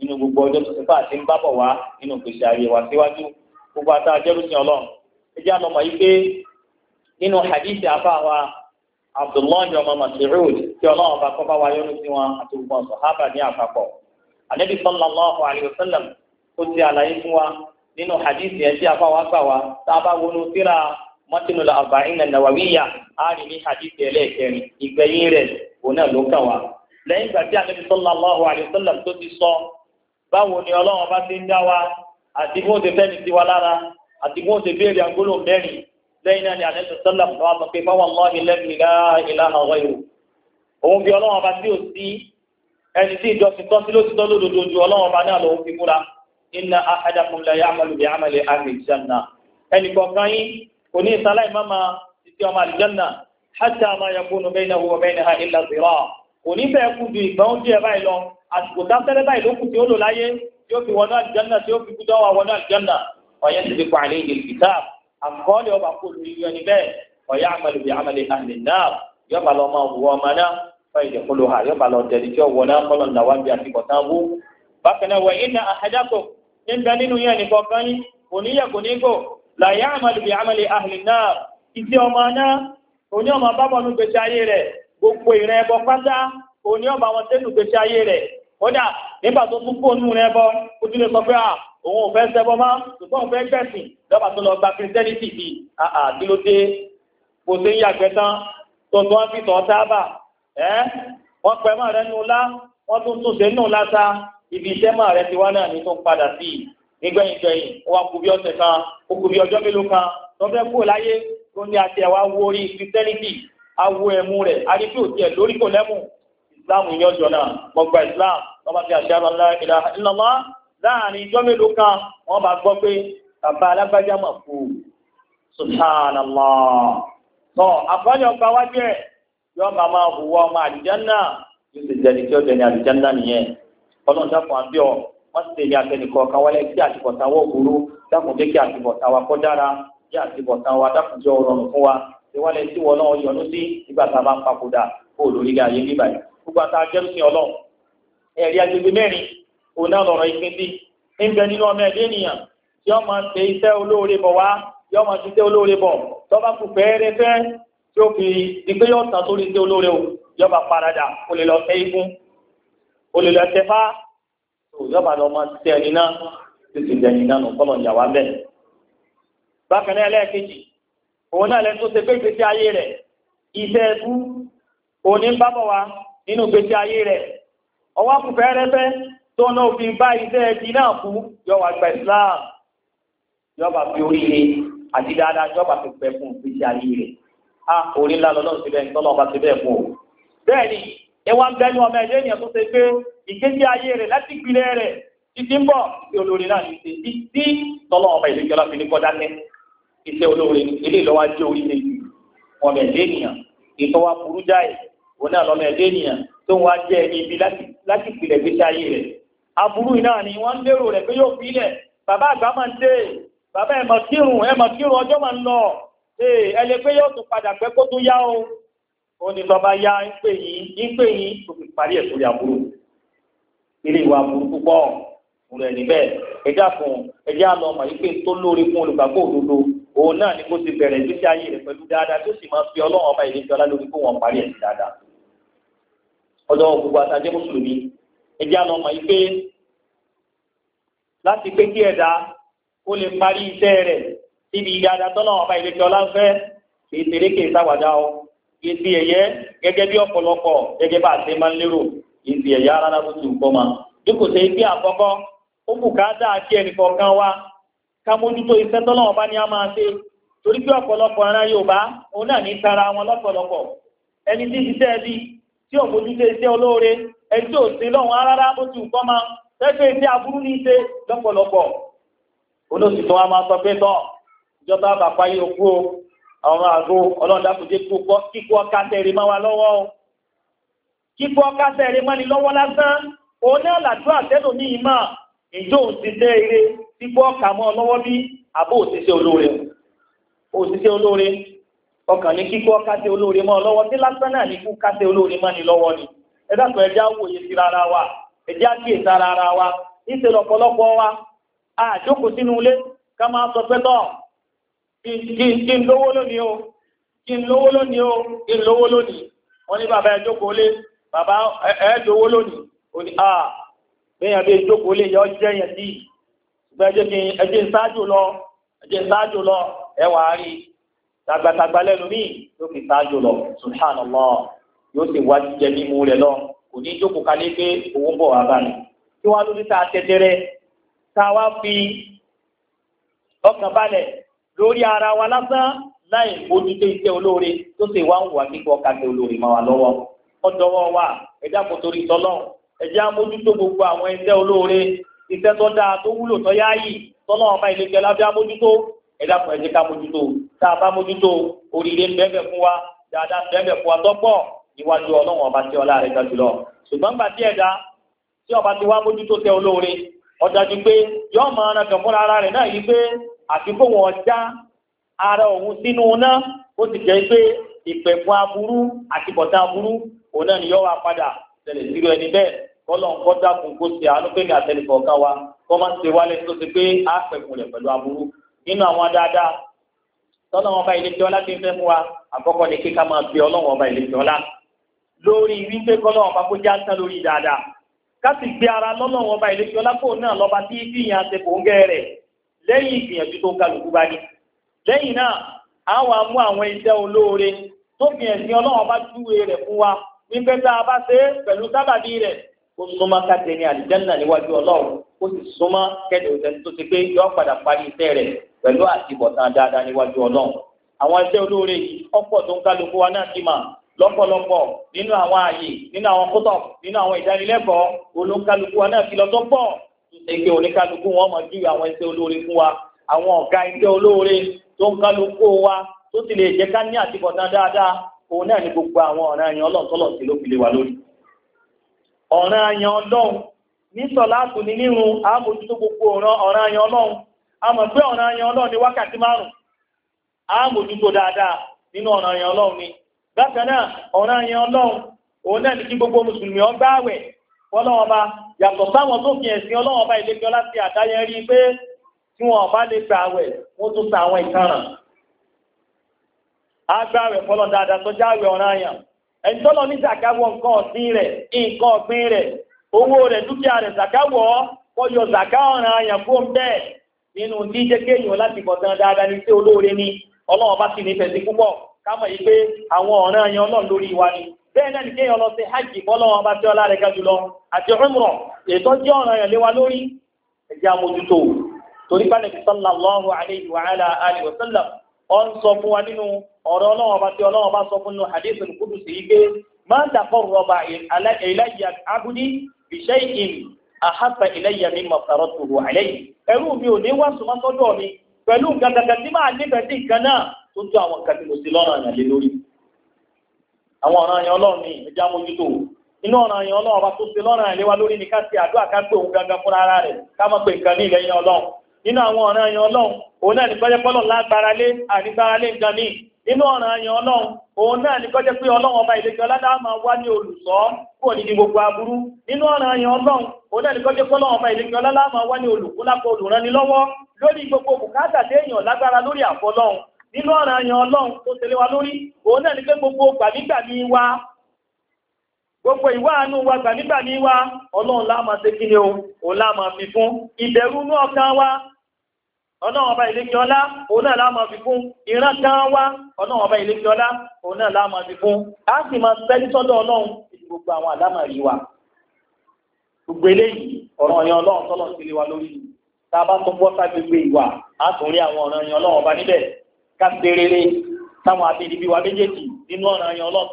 nínú gbogbo ọjọ́ tó ti fà àti ń bábọ̀ wá nínú gbèsè ayé wa síwájú gbogbo ata jẹ́rùsìn ọlọ́run ẹ jẹ́ àlọ́mọ yìí pé nínú hadith afa wa abdullahi ọmọ masirud tí ọlọ́run ọba kọ́ba wa yọ́nú sí wọn àti gbogbo ọ̀sán hábà ní àpapọ̀ anabi sallallahu alayhi wa sallam ó ti àlàyé fún wa nínú hadith yẹn tí afa wa gbà wá tá a bá wọnú síra mọ́tínú la nàwáwíyà á rí ní hadith ẹlẹ́ẹ̀kẹrin ìgbẹ̀yìn rẹ̀ òun náà ló kàn wá lẹ́yìn ìgbà tí anabi sallallahu alayhi wa sallam tó ti sọ báwo ni ọlọ́run bá ti ń dá wa àti bó ti fẹ́ni sí wa lára àti bó ti béèrè àgbóló mẹ́rin lẹ́yìn náà ni àlejò sọ́lá fún wa sọ pé fáwọn ọmọ ìlẹ́mì ìlànà ọ̀rọ̀ ìwò òun fi ọlọ́run bá tí ò sí ẹni tí ìjọ ti tọ́ sí lótìtọ́ lódodo ju ọlọ́run bá náà lòun fi múra inna ahadakum la ya'malu bi 'amali ahli janna ẹnì kọ̀ọ̀kan yín kò ní ìsáláì máa ti ọmọ àlìjánná hatta ma yakunu baynahu wa baynaha illa zira' òní fẹ́ kú ju ìgbà oúnjẹ ẹ̀ báyìí lọ àsìkò dáfẹ́rẹ́ báyìí ló kù tí ó lò láyé tí ó fi wọnú àlìjánná tí ó fi kújọ́ wa wọnú àlìjánná ọ̀yẹ́ ti fi pa àlẹ́ ìdè kìtà àkọọ́lẹ̀ ọba kò lórí yọ ni bẹ́ẹ̀ ọ̀yẹ́ àmàlẹ̀ bí àmàlẹ̀ àlẹ́ náà yọba lọ máa wù ọmọ náà fẹ́ẹ̀dẹ̀ kó ló hà yọba lọ dẹ̀lí tí ó wọ náà kọ́lọ̀ náà wá bí àtìkọ̀ wú. bákan náà wẹ̀yìn gbogbo ìrìn ẹbọ pátá òní ọba wọn tẹnu gbèsè ayé rẹ̀ kódà nígbà tó tún kó nù rẹ bọ ó tún lè sọ pé à òun ò fẹ́ ṣẹbọ mọ́ ṣùgbọ́n òun fẹ́ gbẹ̀sìn lọ́ba tó lọ gba christianity bíi àà kí ló dé kò sí ń yàgbẹ́ tán tuntun wọn fi tọ́ sábà ẹ́ wọ́n pẹ́ mọ́ rẹ nù lá wọ́n tún tún ṣe nù láta ibi iṣẹ́ mọ́ rẹ ti wá náà ní tó padà sí nígbẹ̀yìn gbẹ̀yìn ó wá bí ọ̀sẹ̀ kan ó kú bí ọjọ́ mélòó kan tó fẹ́ kú awo ẹmu rẹ arígbé òtí ẹ lórí kò lẹmu islam yín ọjọ́ náà wọn gba islam wọn bá fi àṣà ọlá ìlà ńlọmọ láàrin ìjọ mélòó kan wọn bá gbọ́ pé bàbá alágbájá mà kú subhanallah tọ àfọyọ gba wájú ẹ yọọ máa máa hùwà ọmọ àlìjánná yóò sì jẹni tí ó jẹni àlìjánná nìyẹn Ọlọ́run dákun àbíọ wọn sì tẹlé àtẹnìkọ kan wálé kí àtibọ̀tán wọ òkúrú dákun jẹ kí àtibọ̀tán wa kọ dára kí àtibọ̀tán wa dákun jẹ ọrọrùn fún wa ìwọlẹ̀ tí wọ́n náà yọ̀nú sí nígbà tá a bá ń papòdà kó o lórí ayé ní báyìí gbogbo àtà jẹ́rùsìn ọlọ́run ẹ̀rí agbègbè mẹ́rin òun náà lọ̀rọ̀ ìpín sí ń bẹ nínú ọmọ ẹ̀dẹ́ ènìyàn tí ọmọ ṣe iṣẹ́ olóore bọ̀ wá tí ọmọ ṣe iṣẹ́ olóore bọ̀ tọ́ba kù fẹ́ẹ́rẹ́fẹ́ tí ó fi ìgbé yóò tàn sórí iṣẹ́ olóore o yọba paradà o lè lọ tẹ igun o lè lọ tẹ fá yọba lọ mọ tẹ ẹni náà tó ti òun náà lẹ́nu tó ṣe pé ìgbésí ayé rẹ̀ iṣẹ́ ẹbú òní ń bábọ̀ wa nínú ìgbésí ayé rẹ̀ ọwọ́ kùfẹ́ rẹ́fẹ́ tó náà fi bá iṣẹ́ ẹbí náà kú yọwà gba Islam yọba fi oríire àti dáadáa yọba fi pẹ́ fún ìgbésí ayé rẹ̀ a orí ńlá lọ́lọ́run ti bẹ́ẹ̀ tọ́lọ́ ọba ti bẹ́ẹ̀ fún o bẹ́ẹ̀ ni ẹwà ń bẹ́nu ọmọ ẹ̀dẹ́ ènìyàn tó ṣe pé ìgbésí ayé rẹ̀ láti ìpìlẹ̀ rẹ̀ títí ń bọ̀ sí náà ní ti tí tọ́lọ́ ọba ìlú iṣẹ́ olóore ilé ìlọ́wọ́ ajé orílẹ̀ èdè ọmọ ẹ̀dẹ́ ènìyàn ìtọ́ wa burú jáì òun náà lọ́mọ ẹ̀dẹ́ ènìyàn tó ń wá jẹ́ ibi láti pìlẹ̀ gbé sáyé rẹ̀ aburú náà ni wọ́n ń lérò rẹ̀ pé yóò fi ilẹ̀ bàbá àgbà máa ń dé bàbá ẹ̀mọ̀ kírun ẹ̀mọ̀ kírun ọjọ́ máa ń lọ ẹlẹ pé yóò tún padà pẹ́ kó tún yá o ó ní tọ́ba yá ń pè yín ń pè yín tó fi parí ẹ̀ sórí aburú ilé ìwà aburú púpọ̀ òun rẹ̀ níbẹ̀ ẹjẹ́ àfọ̀n ẹjẹ́ àlọ́ mọ̀ yìí pé tó lóore fún olùgbàgbọ́ òdodo òun náà ni kó ti bẹ̀rẹ̀ ìgbésí ayé rẹ̀ pẹ̀lú dáadáa tó sì máa fi ọlọ́run ọba ìlẹ́jọ́ ọlá lórí kó wọn parí ẹ̀sìn dáadáa. ọ̀dọ̀ gbogbo àtàjẹ́ mùsùlùmí ẹjẹ́ àná mọ̀ pé láti pé kí ẹ̀dá kó lè parí iṣẹ́ rẹ̀ síbi dáadáa tọ́lọ́run ọba ń fẹ́ kì í tèrè kì í sáwàdà kì í ti ẹ̀yẹ gẹ́gẹ́ bí ọ̀pọ̀lọpọ̀ gẹ́gẹ́ bá a ṣe máa ń lérò ká mójútó iṣẹ́ tọ́lọ́wọ́n bá ní a máa ṣe torí pé ọ̀pọ̀lọpọ̀ ara Yorùbá òun náà ní tara wọn lọ́pọ̀lọpọ̀ ẹni tí ṣiṣẹ́ ẹbí tí ò mójútó iṣẹ́ olóore ẹni tí ò ṣe lọ́wọ́n rárá bó ti nǹkan máa tẹ́gbẹ́ iṣẹ́ aburú ní ṣe lọ́pọ̀lọpọ̀ olóṣù tó wa máa sọ pé tán ìjọba bàbá yìí ó kú o àwọn àgbo ọlọ́dàkùnjẹ́ kíkú ọkà tẹ̀rẹ̀ máa wà lọ́wọ́ o kíkú ọkà tẹ̀rẹ̀ máa ní lọ́wọ́ lásán òun náà làdúrà tẹ́lòmíì máa ìjọ òṣìṣẹ́ eré tí gbọ́ kà mọ́ lọ́wọ́ bí àbó òṣìṣẹ́ olóore òṣìṣẹ́ olóore ọkàn ní kíkọ́ kásẹ̀ olóore mọ́ lọ́wọ́ tí lásán náà ní kú kásẹ̀ olóore mọ́ ni lọ́wọ́ ni ẹ dákun ẹjẹ́ àwòye sí rárá wa ẹjẹ́ àkíyèsí rárá wa níṣẹ́ lọ́pọ̀lọpọ̀ wa àjókòó sínú ilé ká máa sọ pé tán kí n lówó lónìí o kí n lówó lónìí o kí n lówó lónìí wọ́n ní bàbá ẹjókòó lé bàbá ẹjọ́ bẹ́yàn bí ìjókòó lè yọ jẹ́ yẹn sí gbẹ́jẹ́ kí ẹjẹ́ ìsáájú lọ ẹjẹ́ ìsáájú lọ ẹwà rí tàgbàtàgbà lẹ́nu míì yóò fi ìsáájú lọ subhanallah yóò sì wá jíjẹ mímú rẹ̀ lọ kò ní jókòó kalẹ̀ pé owó ń bọ̀ wá bá mi kí wọ́n á lórí tá a tẹ́tẹ́rẹ́ tá a wá fi ọkàn balẹ̀ lórí ara wa lásán láì bójútó iṣẹ́ olóore tó sì wá ń wà kíkọ́ kàkẹ́ olóore máa wà lọ́wọ́ ọ̀dọ́wọ́ wa ẹ̀dá kò torí tọ́lọ́run ẹ̀jẹ̀ amójútó gbogbo àwọn iṣẹ́ olóore iṣẹ́ tó dáa tó wúlò tó yáàyì tọ́nà ọba ìlẹ́jẹ̀ lábẹ́ amójútó ẹ̀dá fún ẹ̀jẹ̀ ká mójútó tá a bá mójútó oríire bẹ́ẹ̀ fún wa dáadáa bẹ́ẹ̀ fún wa tọ́pọ̀ níwájú ọlọ́run ọba tí ọlá rẹ̀ ga jùlọ ṣùgbọ́n gbà tí ẹ̀dá tí ọba ti wá mójútó tẹ olóore ọ̀dájú pé yọ́ọ̀ máa ran aburú àti bọ̀tán aburú òun náà ni yọ́ọ̀ wá padà tẹ̀lé sírò ẹni bẹ́ẹ̀ kọ́lọ̀ ń kọ́ dákun kó ṣe àánú pé ní àtẹnìkọ̀ ọ̀gá wa kọ́ máa ń ṣe wálé tó ṣe pé á pẹ̀kùn rẹ̀ pẹ̀lú aburú nínú àwọn dáadáa tọ́lọ́ wọn bá ilé tí ọlá ti fẹ́ fún wa àkọ́kọ́ ni kíkà máa fi ọlọ́wọ́n ọba ilé tí ọlá lórí wípé kọ́lọ́ wọn bá kó já tán lórí dáadáa ká gbé ara lọ́lọ́wọ́n ọba ilé tí ọlá kò náà lọ́ba tí fìyàn ṣe kò ń gẹ́ rẹ̀ lẹ́yìn ìgbìyànjú tó kálukú bá ní lẹ́yìn náà àwọn amú àwọn iṣẹ́ olóore tó fi ẹ̀sìn ọlọ́wọ́n bá júwe rẹ̀ fún wa wípé tá a bá ṣe é pẹ̀lú sábàbí rẹ̀ ó súnmọ́ káte ní àlìjẹ́nà níwájú ọlọ́run ó sì súnmọ́ kẹ́lẹ́ òṣèlú tó ti pé yọ padà parí iṣẹ́ rẹ̀ pẹ̀lú àtibọ̀tán dáadáa níwájú ọlọ́run àwọn iṣẹ́ olóore yìí ọ̀pọ̀ tó ń kálukú wa náà ti mà lọ́pọ̀lọpọ̀ nínú àwọn ààyè nínú àwọn kótọ̀ nínú àwọn ìdánilẹ́kọ̀ọ́ olóńkálukú wa náà ti lọ tó pọ̀ ṣèké oníkálukú wọn mọ̀ ju àwọn iṣẹ́ olóore fún wa àwọn ọ̀gá iṣẹ́ olóore tó ń kálukú wa tó ti lè jẹ́ ká ní àtibọ̀tán dáadáa òun náà ni gbogbo àwọn ọ̀nà ayan ọlọ́run tọ́lọ̀ sí ló fi lè wà lórí ọ̀ràn ayan ọlọ́run ní sọ̀láàtù ní nírun àmójútó gbogbo ọ̀ràn ayan ọlọ́run a mọ̀ pé ọ̀nà ayan ọlọ́run ni wákàtí márùn àmójútó dáadáa nínú ọ̀ràn ni òun náà ni gbogbo mùsùlùmí yàtọ̀ sáwọn tó fi ẹ̀sìn àdáyẹrí pé tí wọn lè sa àwọn ìkaràn agbáwẹ̀ fọlọ́ dáadáa tó jáwẹ̀ ọ̀ràn àyàn ẹni tọ́lọ ní zakawọ̀ nǹkan ọ̀sìn rẹ̀ nǹkan ọ̀gbìn rẹ̀ owó rẹ̀ dúkìá rẹ̀ zakawọ̀ kọyọ zaka ọ̀ràn àyàn fún bẹ́ẹ̀ nínú jíjẹ́ kéèyàn láti bọ̀tán dáadáa ní sí olóore bá púpọ̀ kámọ̀ pé àwọn hajj bá ọlá rẹ̀ ga jùlọ àti ètò jẹ́ àyàn lé wa lórí ẹ̀jẹ̀ torí sallallahu alayhi wa wa ọ ń fún wa nínú ọ̀rọ̀ ọlọ́run ọba tí ọlọ́run ọba sọ fún nínú hadith kudu sí pé máa ń dàpọ̀ rọba ìlàyà abúlé ìṣe ìhìn àhàfà ìlàyà mi mọ̀ sàrọ̀ tòrò àlẹ́yìn ẹrú mi ò ní wá mi pẹ̀lú gàgàgà tí máa nífẹ̀ẹ́ sí nǹkan náà tó tó àwọn tí mo lọ́rọ̀ lé lórí àwọn ọ̀ràn ọlọ́run mi ẹja nínú àwọn ọ̀ràn ẹ̀yàn ọlọ́run òun náà ní kọjẹ́ pọ́lọ̀ lágbára lé àrígbára lé nǹkan míì nínú ọ̀ràn ẹ̀yàn ọlọ́run òun náà ní kọjẹ́ pé ọlọ́run ọba ìlẹ́jọ́ ọlọ́dá máa wá ní olùsọ́ kúrò ní gbogbo aburú nínú ọ̀ràn ẹ̀yàn ọlọ́run òun náà ní kọjẹ́ pọ́lọ̀ ọba ìlẹ́jọ́ máa wá ní olùkúlápọ̀ wa lórí òun náà ní pé gbogbo gbàmígbàmí wa gbogbo ìwà wa ọlọ́run ọba ìlẹ́kẹ́ ọlá òun náà láàmà fi fún ìran kan wá ọlọ́run ọba ìlẹ́kẹ́ ọlá òun náà láàmà fi fún a sì máa tẹ́lí sọ́dọ̀ ọlọ́run gbogbo àwọn àlámà rí wa gbogbo eléyìí ọ̀ràn ọ̀yàn ọlọ́run tọ́lọ̀ sí wa lórí tá a bá tún bọ́ ságbègbè ìwà a tún rí àwọn ọ̀ràn ọ̀yàn ọlọ́run ọba níbẹ̀ ká ṣe rere táwọn abínibí wa méjèèjì nínú ọ̀ràn ọ̀yàn ọlọ́run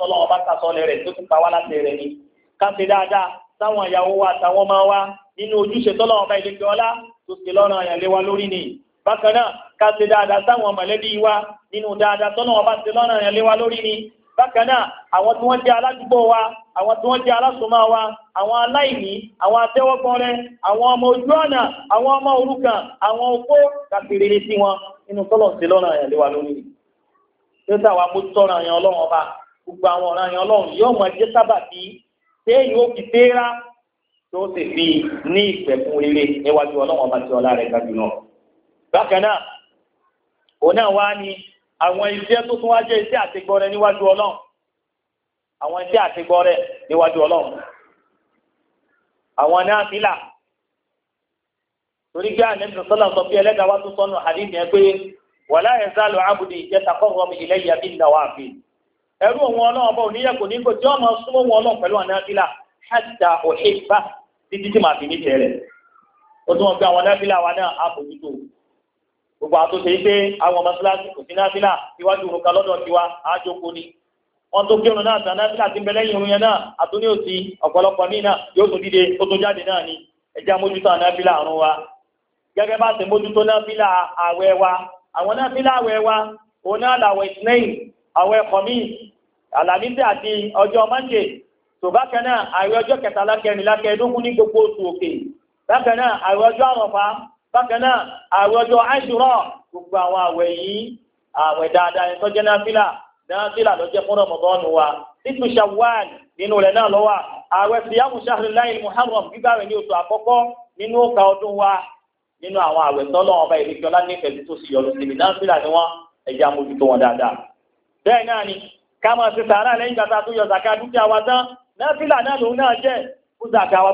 tọ́lọ̀ bákan náà ká ṣe dáadáa sáwọn mọ̀lẹ́bí wa nínú dáadáa tọ́nà ọba ṣe lọ́nà yẹn lé wa lórí ni bákan náà àwọn tí wọ́n jẹ́ aládùúgbò wa àwọn tí wọ́n jẹ́ alásùnmọ́ wa àwọn aláìní àwọn atẹ́wọ́gbọ́rẹ àwọn ọmọ ojú ọ̀nà àwọn ọmọ òrukàn àwọn opó kàkiri sí wọn nínú tọ́lọ̀ sí lọ́nà yẹn lé wa lórí ni tó táwa mú tọ́ra yẹn ọlọ́run ọba gbogbo àwọn ọ̀ràn yẹn ọlọ́run yóò mọ jẹ́ sábàbí téèyàn ó fi téèrà tó sì fi ní ìpẹ̀kun rere níwájú ọlọ́run ọba tí ọlá rẹ̀ ga náà bákan náà òun náà wá ní àwọn iṣẹ́ tó tún wá jẹ́ iṣẹ́ àtigbọrẹ níwájú ọlọ́run àwọn iṣẹ́ àtigbọrẹ níwájú ọlọ́run àwọn náà fílà torí gbé àná ìṣẹ̀lẹ̀ sọ́lá sọ pé ẹlẹ́dàá wá tó sọnù àdínì ẹ pé wàlá yazalu abdi yataqarrabu mi ilayya bin nawafil ẹrú òun ọlọ́run ọba òníyẹ kò ní kò tí ọmọ súnmọ́ òun ọlọ́run pẹ̀lú àná fílà hatta uhibba títí tí màá fi ní tẹ̀rẹ̀ ó tún wọn pé àwọn náà wa náà á gbogbo àtúnṣe yìí pé àwọn ọmọ síláàsì kò sí náfìlà iwájú òrùka lọ́dọ̀ tiwa àjòkó ni wọn tó kírun náà tàn náfìlà ti ń bẹ lẹ́yìn irun yẹn náà àtúní òsì ọ̀pọ̀lọpọ̀ míì náà yóò tún dìde ó tún jáde náà ni ẹja mójútó náfìlà àrùn wa gẹ́gẹ́ bá ti mójútó náfìlà àwẹ̀ wa àwọn náfìlà àwẹ̀ wa òun náà làwẹ̀ ìsìnẹ́yìn àwẹ̀ ẹ̀kọ́ míì àlàmísì àti ọjọ́ mọ́ńdè tó náà àwẹ̀ ọjọ́ kẹtàlá kẹrìnlá kẹẹ̀ẹ́dógún ní gbogbo oṣù òkè bákan náà àwẹ̀ ọjọ́ àrọ̀fà bákan náà àwẹ̀ ọjọ́ àṣùrà gbogbo àwọn àwẹ̀ yìí àwẹ̀ dáadáa ẹ̀tọ́ jẹ́ náfìlà náfìlà ló jẹ́ fún Ramadan wa títù Shawwal nínú rẹ̀ náà lọ́wọ́ àwẹ̀ siyamu shahrillahi muharram gbígbà rẹ̀ ní oṣù àkọ́kọ́ nínú òkà ọdún wa nínú àwọn àwẹ̀ tọ́lọ́ ọba ìrìkì nífẹ̀ẹ́ tó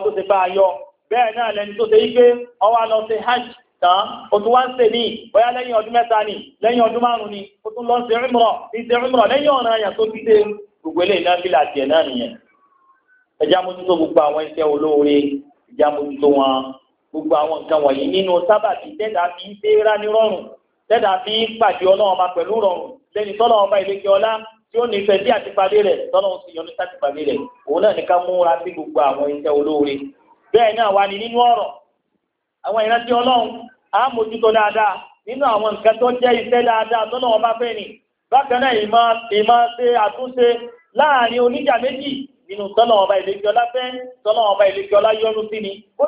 sì bẹ́ẹ̀ náà lẹni tó ṣe yí pé ó wá lọ ṣe hajj tán ó tún wá ń ṣe ní bóyá lẹ́yìn ọdún mẹ́ta ni lẹ́yìn ọdún márùn-ún ni ó tún lọ ṣe umrah ní ṣe umrah lẹ́yìn ọ̀nà àyà tó ti ṣe gbogbo eléyìí náà fílà tiẹ̀ náà nìyẹn ẹjá mójútó gbogbo àwọn iṣẹ́ olóore ẹjá mójútó wọn gbogbo àwọn nǹkan wọ̀nyí nínú sábàbí tẹ́dà fi ń ṣe rá ní rọrùn tẹ́dà fi ń pàdé ọlọ́run ọba pẹ̀lú rọrùn lẹ́ni tọ́lọ́run ọba ìlẹ́kẹ́ ọlá tí ó nífẹ̀ẹ́ sí àtìpalẹ̀ rẹ̀ tọ́lọ́run sì yọnu sátìpalẹ̀ rẹ̀ òun náà ní ká múra sí gbogbo àwọn iṣẹ́ olóore bẹ́ẹ̀ náà wà ní nínú ọ̀rọ̀ àwọn ìrántí ọlọ́run á mójútó dáadáa nínú àwọn nǹkan tó jẹ́ iṣẹ́ dáadáa tó náà bá fẹ́ ni bákan náà ìmọ̀ ṣe àtúnṣe láàrin oníjà méjì nínú tọ́nà ọba ìlẹ́jọ́ láfẹ́ tọ́nà ọba ìlẹ́jọ́ láyọ́rú sí ni ó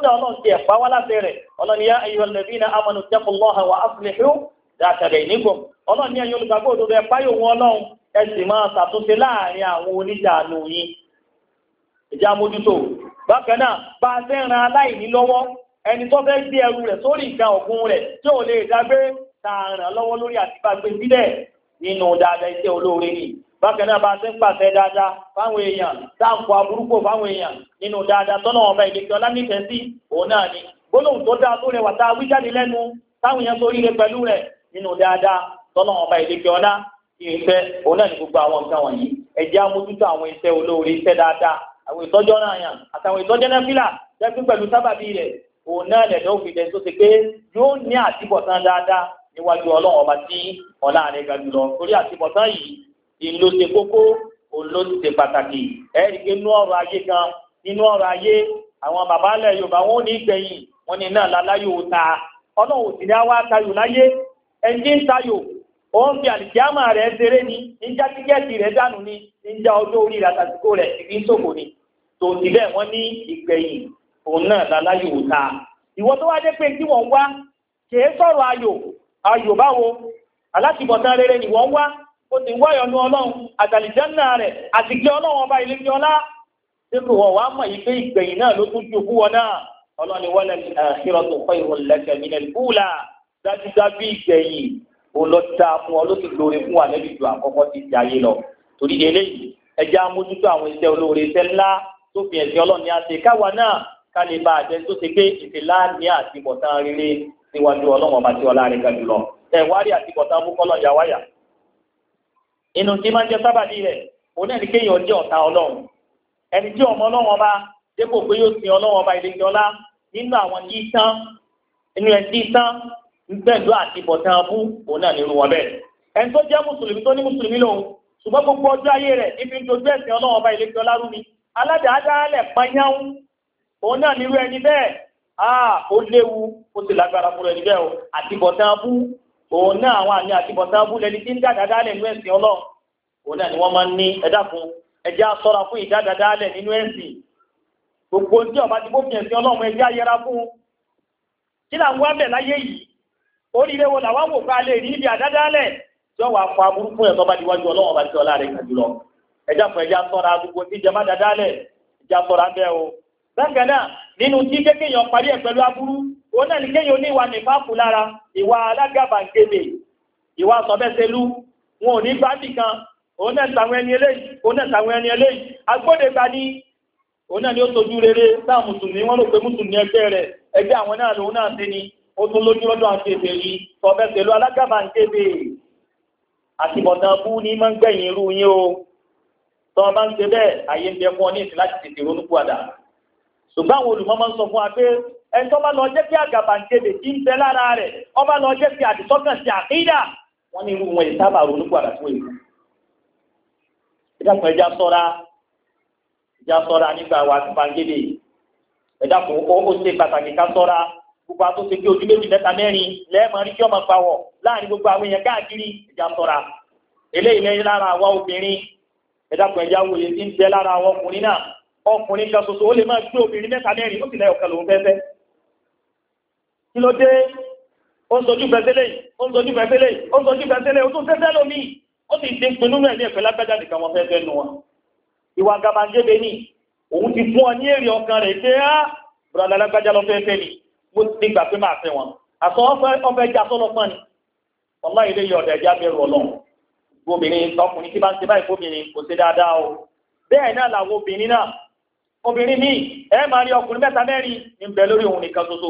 na ìjà mójútó bákan náà bá a fẹ́ ran aláìní lọ́wọ́ ẹni tó fẹ́ gbé ẹrù rẹ̀ sórí nǹkan ọ̀gbun rẹ̀ tí ò lè dágbé ta ràn lọ́wọ́ lórí àtibágbé sílẹ̀ nínú dáadáa iṣẹ́ olóore ni bákan náà bá a fẹ́ pàṣẹ dáadáa fáwọn èèyàn táàkù aburúkọ fáwọn èèyàn nínú dáadáa tọ́nà ọba ìlẹ́kẹ́ ọlá nífẹ̀ẹ́ sí òun náà ni gbólóhùn tó dáa tó rẹwà tá a wí jáde lẹ́nu táwọn èèyàn sórí rẹ pẹ̀lú rẹ̀ nínú dáadáa tọ́nà ọba ìlẹ́kẹ́ ọlá ìfẹ́ òun náà ni gbogbo àwọn nǹkan wọ̀nyí ẹ̀jẹ̀ amójútó àwọn iṣẹ́ olóore iṣẹ́ dáadáa àwọn ìtọ́jọ́ náà yàn àtàwọn ìtọ́jọ́ náà fílà jẹ́pín pẹ̀lú sábàbí rẹ̀ òun náà lẹ̀dọ́ fi dẹ̀ tó ṣe pé yóò ní àtibọ̀tán dáadáa níwájú ọlọ́run ọba tí ọlá rẹ̀ ga jùlọ torí àtibọ̀tán yìí ìlò ṣe kókó òun ló ti ṣe pàtàkì ẹ rí i pé inú ọrọ̀ ayé gan ó ń fi àlìkíámà rẹ̀ ṣeré ni níjà tíkẹ́ẹ̀tì rẹ̀ dànù ni níjà ọjọ́ orí rẹ̀ àtàkùkọ rẹ̀ ti fi ń ṣòfò ni tó ti bẹ́ẹ̀ wọ́n ní ìgbẹ̀yìn òun náà láláyò ta ìwọ tó wá jẹ́ pé tí wọ́n wá kìí sọ̀rọ̀ ayò ayò báwo alátìbọ̀tán rere ni wọ́n wá ó ti wá ìyọnu ọlọ́run àtàlìjánná rẹ̀ àti kí ọlọ́run ọba ilé ní ọlá kò wọ́n wá mọ̀ yìí pé ìgbẹ̀yìn náà ló tún ju kú wọn náà ọlọ́run wọlé àṣírọ́tò fọ́ ìrọ̀lẹ́kẹ̀ nílẹ̀ kúùlà dájúdájú ìgbẹ̀yìn ó lọ dáa fún ọ ló sì lóore fún wa lẹ́bi ju àkọ́kọ́ ti ti ayé lọ torí délé yìí ẹjẹ́ amójútó àwọn iṣẹ́ olóore iṣẹ́ ńlá tó fi ẹ̀sìn ọlọ́ọ̀ni àti káwa náà ká lè bá àjẹ tó ṣe pé ìfìlà ní àtibọ̀tán rere níwájú ọlọ́wọ́n ọba tí ọlá rẹ̀ ga jùlọ ẹ̀ wárí àtibọ̀tán fúkọ́lọ̀ yàwáyà inú tí máa ń jẹ sábàbí rẹ̀ òun náà ní kéèyàn jẹ́ ọ̀tá ọlọ́run ẹni tí ọmọ ọlọ́wọ́n ọba dépò pé yóò sin ọlọ́wọ́n ọba ìlẹ́kẹ́ ọlá nínú àwọn tí tán gbẹ̀dọ̀ àti bọ̀tán fún òun náà nínú wọn bẹ́ẹ̀. ẹni tó jẹ́ mùsùlùmí tó ní mùsùlùmí lòun ṣùgbọ́n gbogbo ọjọ́ ayé rẹ̀ ibi tó jẹ́ ẹ̀sìn ọlọ́run ọba ilé kíọ́lá rú mi aládàádáálẹ̀ pányáhùn òun náà nírú ẹni bẹ́ẹ̀ ah, ó léwu ó sì lágbára fún ẹni bẹ́ẹ̀ o àti bọ̀tán fún òun náà àwọn àmì àti bọ̀tán fún lẹni tí ń dàdáálẹ̀ nínú ẹ̀sìn ọlọ́run ni wọ́n máa ń ní ẹ̀dá fún ẹjẹ́ asọ́ra fún ìdádàdáálẹ̀ nínú ẹ̀sìn gbogbo tí ọba ti bófin ẹ̀sìn ọlọ́run ẹjẹ́ ayẹra fún kí làwọn ẹ̀bẹ̀ láyé yìí oríire wo làwọn wò ká lè rí ibi àdádálẹ̀ tí wọ́n wà fún aburúkú ẹ̀ tó bá di wájú ọlọ́wọ́n bá ti ọlá rẹ̀ kàn jùlọ ẹja fún ẹja sọ́ra gbogbo tí jẹma àdádálẹ̀ ìjà sọ́ra bẹ́ẹ̀ o bákan náà nínú tí kékèèyàn parí ẹ̀ pẹ̀lú aburú òun náà ní kéèyàn ní ìwà nìfàkù lára ìwà alágàbàǹkebè ìwà sọ̀bẹ́sẹ̀lú wọn ò ní gbábì kan òun náà tàwọn ẹni eléyìí òun ní otu tún lójú lọ́dọ̀ àwọn kébè rí tọ́fẹ́ pẹ̀lú alágàbà ń kébè àtìmọ̀tàn bú ní máa ń gbẹ̀yìn irú yín o tọ́ ọ bá ń ṣe bẹ́ẹ̀ àyè ń bẹ fún ọ ní ìsìn láti tètè ronúkú àdá ṣùgbọ́n àwọn olùmọ̀ máa ń sọ fún wa pé ẹni tó bá lọ jẹ́ kí àgàbà ń kébè kí ń bẹ lára rẹ̀ bá lọ jẹ́ kí àdìsọ́kàn sí àkídà wọ́n ní irú gbogbo àtò ṣe pé ojú méjì mẹ́ta mẹ́rin lẹ́ẹ̀mọ́ rí kí ọmọ pa wọ̀ láàrin gbogbo àwọn èèyàn káàkiri ìjà sọ̀ra eléyìí lẹ́yìn lára àwa obìnrin ẹ̀dá kan ẹ̀já wòye tí ń bẹ lára àwọn ọkùnrin náà ọkùnrin kan ṣoṣo ó lè máa gbé obìnrin mẹ́ta mẹ́rin ó sì lẹ́yọ̀ kan lòun fẹ́fẹ́ kí ló dé ó ń sojú bẹ́sẹ̀lẹ̀ ó ń sojú bẹ́sẹ̀lẹ̀ ó ń sojú bẹ́sẹ̀lẹ̀ ó tún fẹ́fẹ́ lómi ó sì ti pinnu rẹ̀ ní ẹ̀fẹ́ lágbájá nìkan wọn fẹ́fẹ́ nu wọn ìwà gabajébé ni òun ti fún ọ ní èrè ọkàn rẹ̀ pé á bùrọ̀dá lágbájá lọ fẹ́fẹ́ ni mo ti gbà pé máa fẹ́ wọn àtọ́ ọfẹ́ já sọ́lọ́ fún ni ọlá ilé yọ ọ̀dà ẹja bẹ̀rù ọlọ́run obìnrin ọkùnrin tí bá ń ṣe báyìí fóbìnrin kò ṣe dáadáa o bẹ́ẹ̀ náà làwọn obìnrin náà obìnrin míì ẹ máa rí ọkùnrin mẹ́ta mẹ́rin ní bẹ lórí òun nìkan ṣoṣo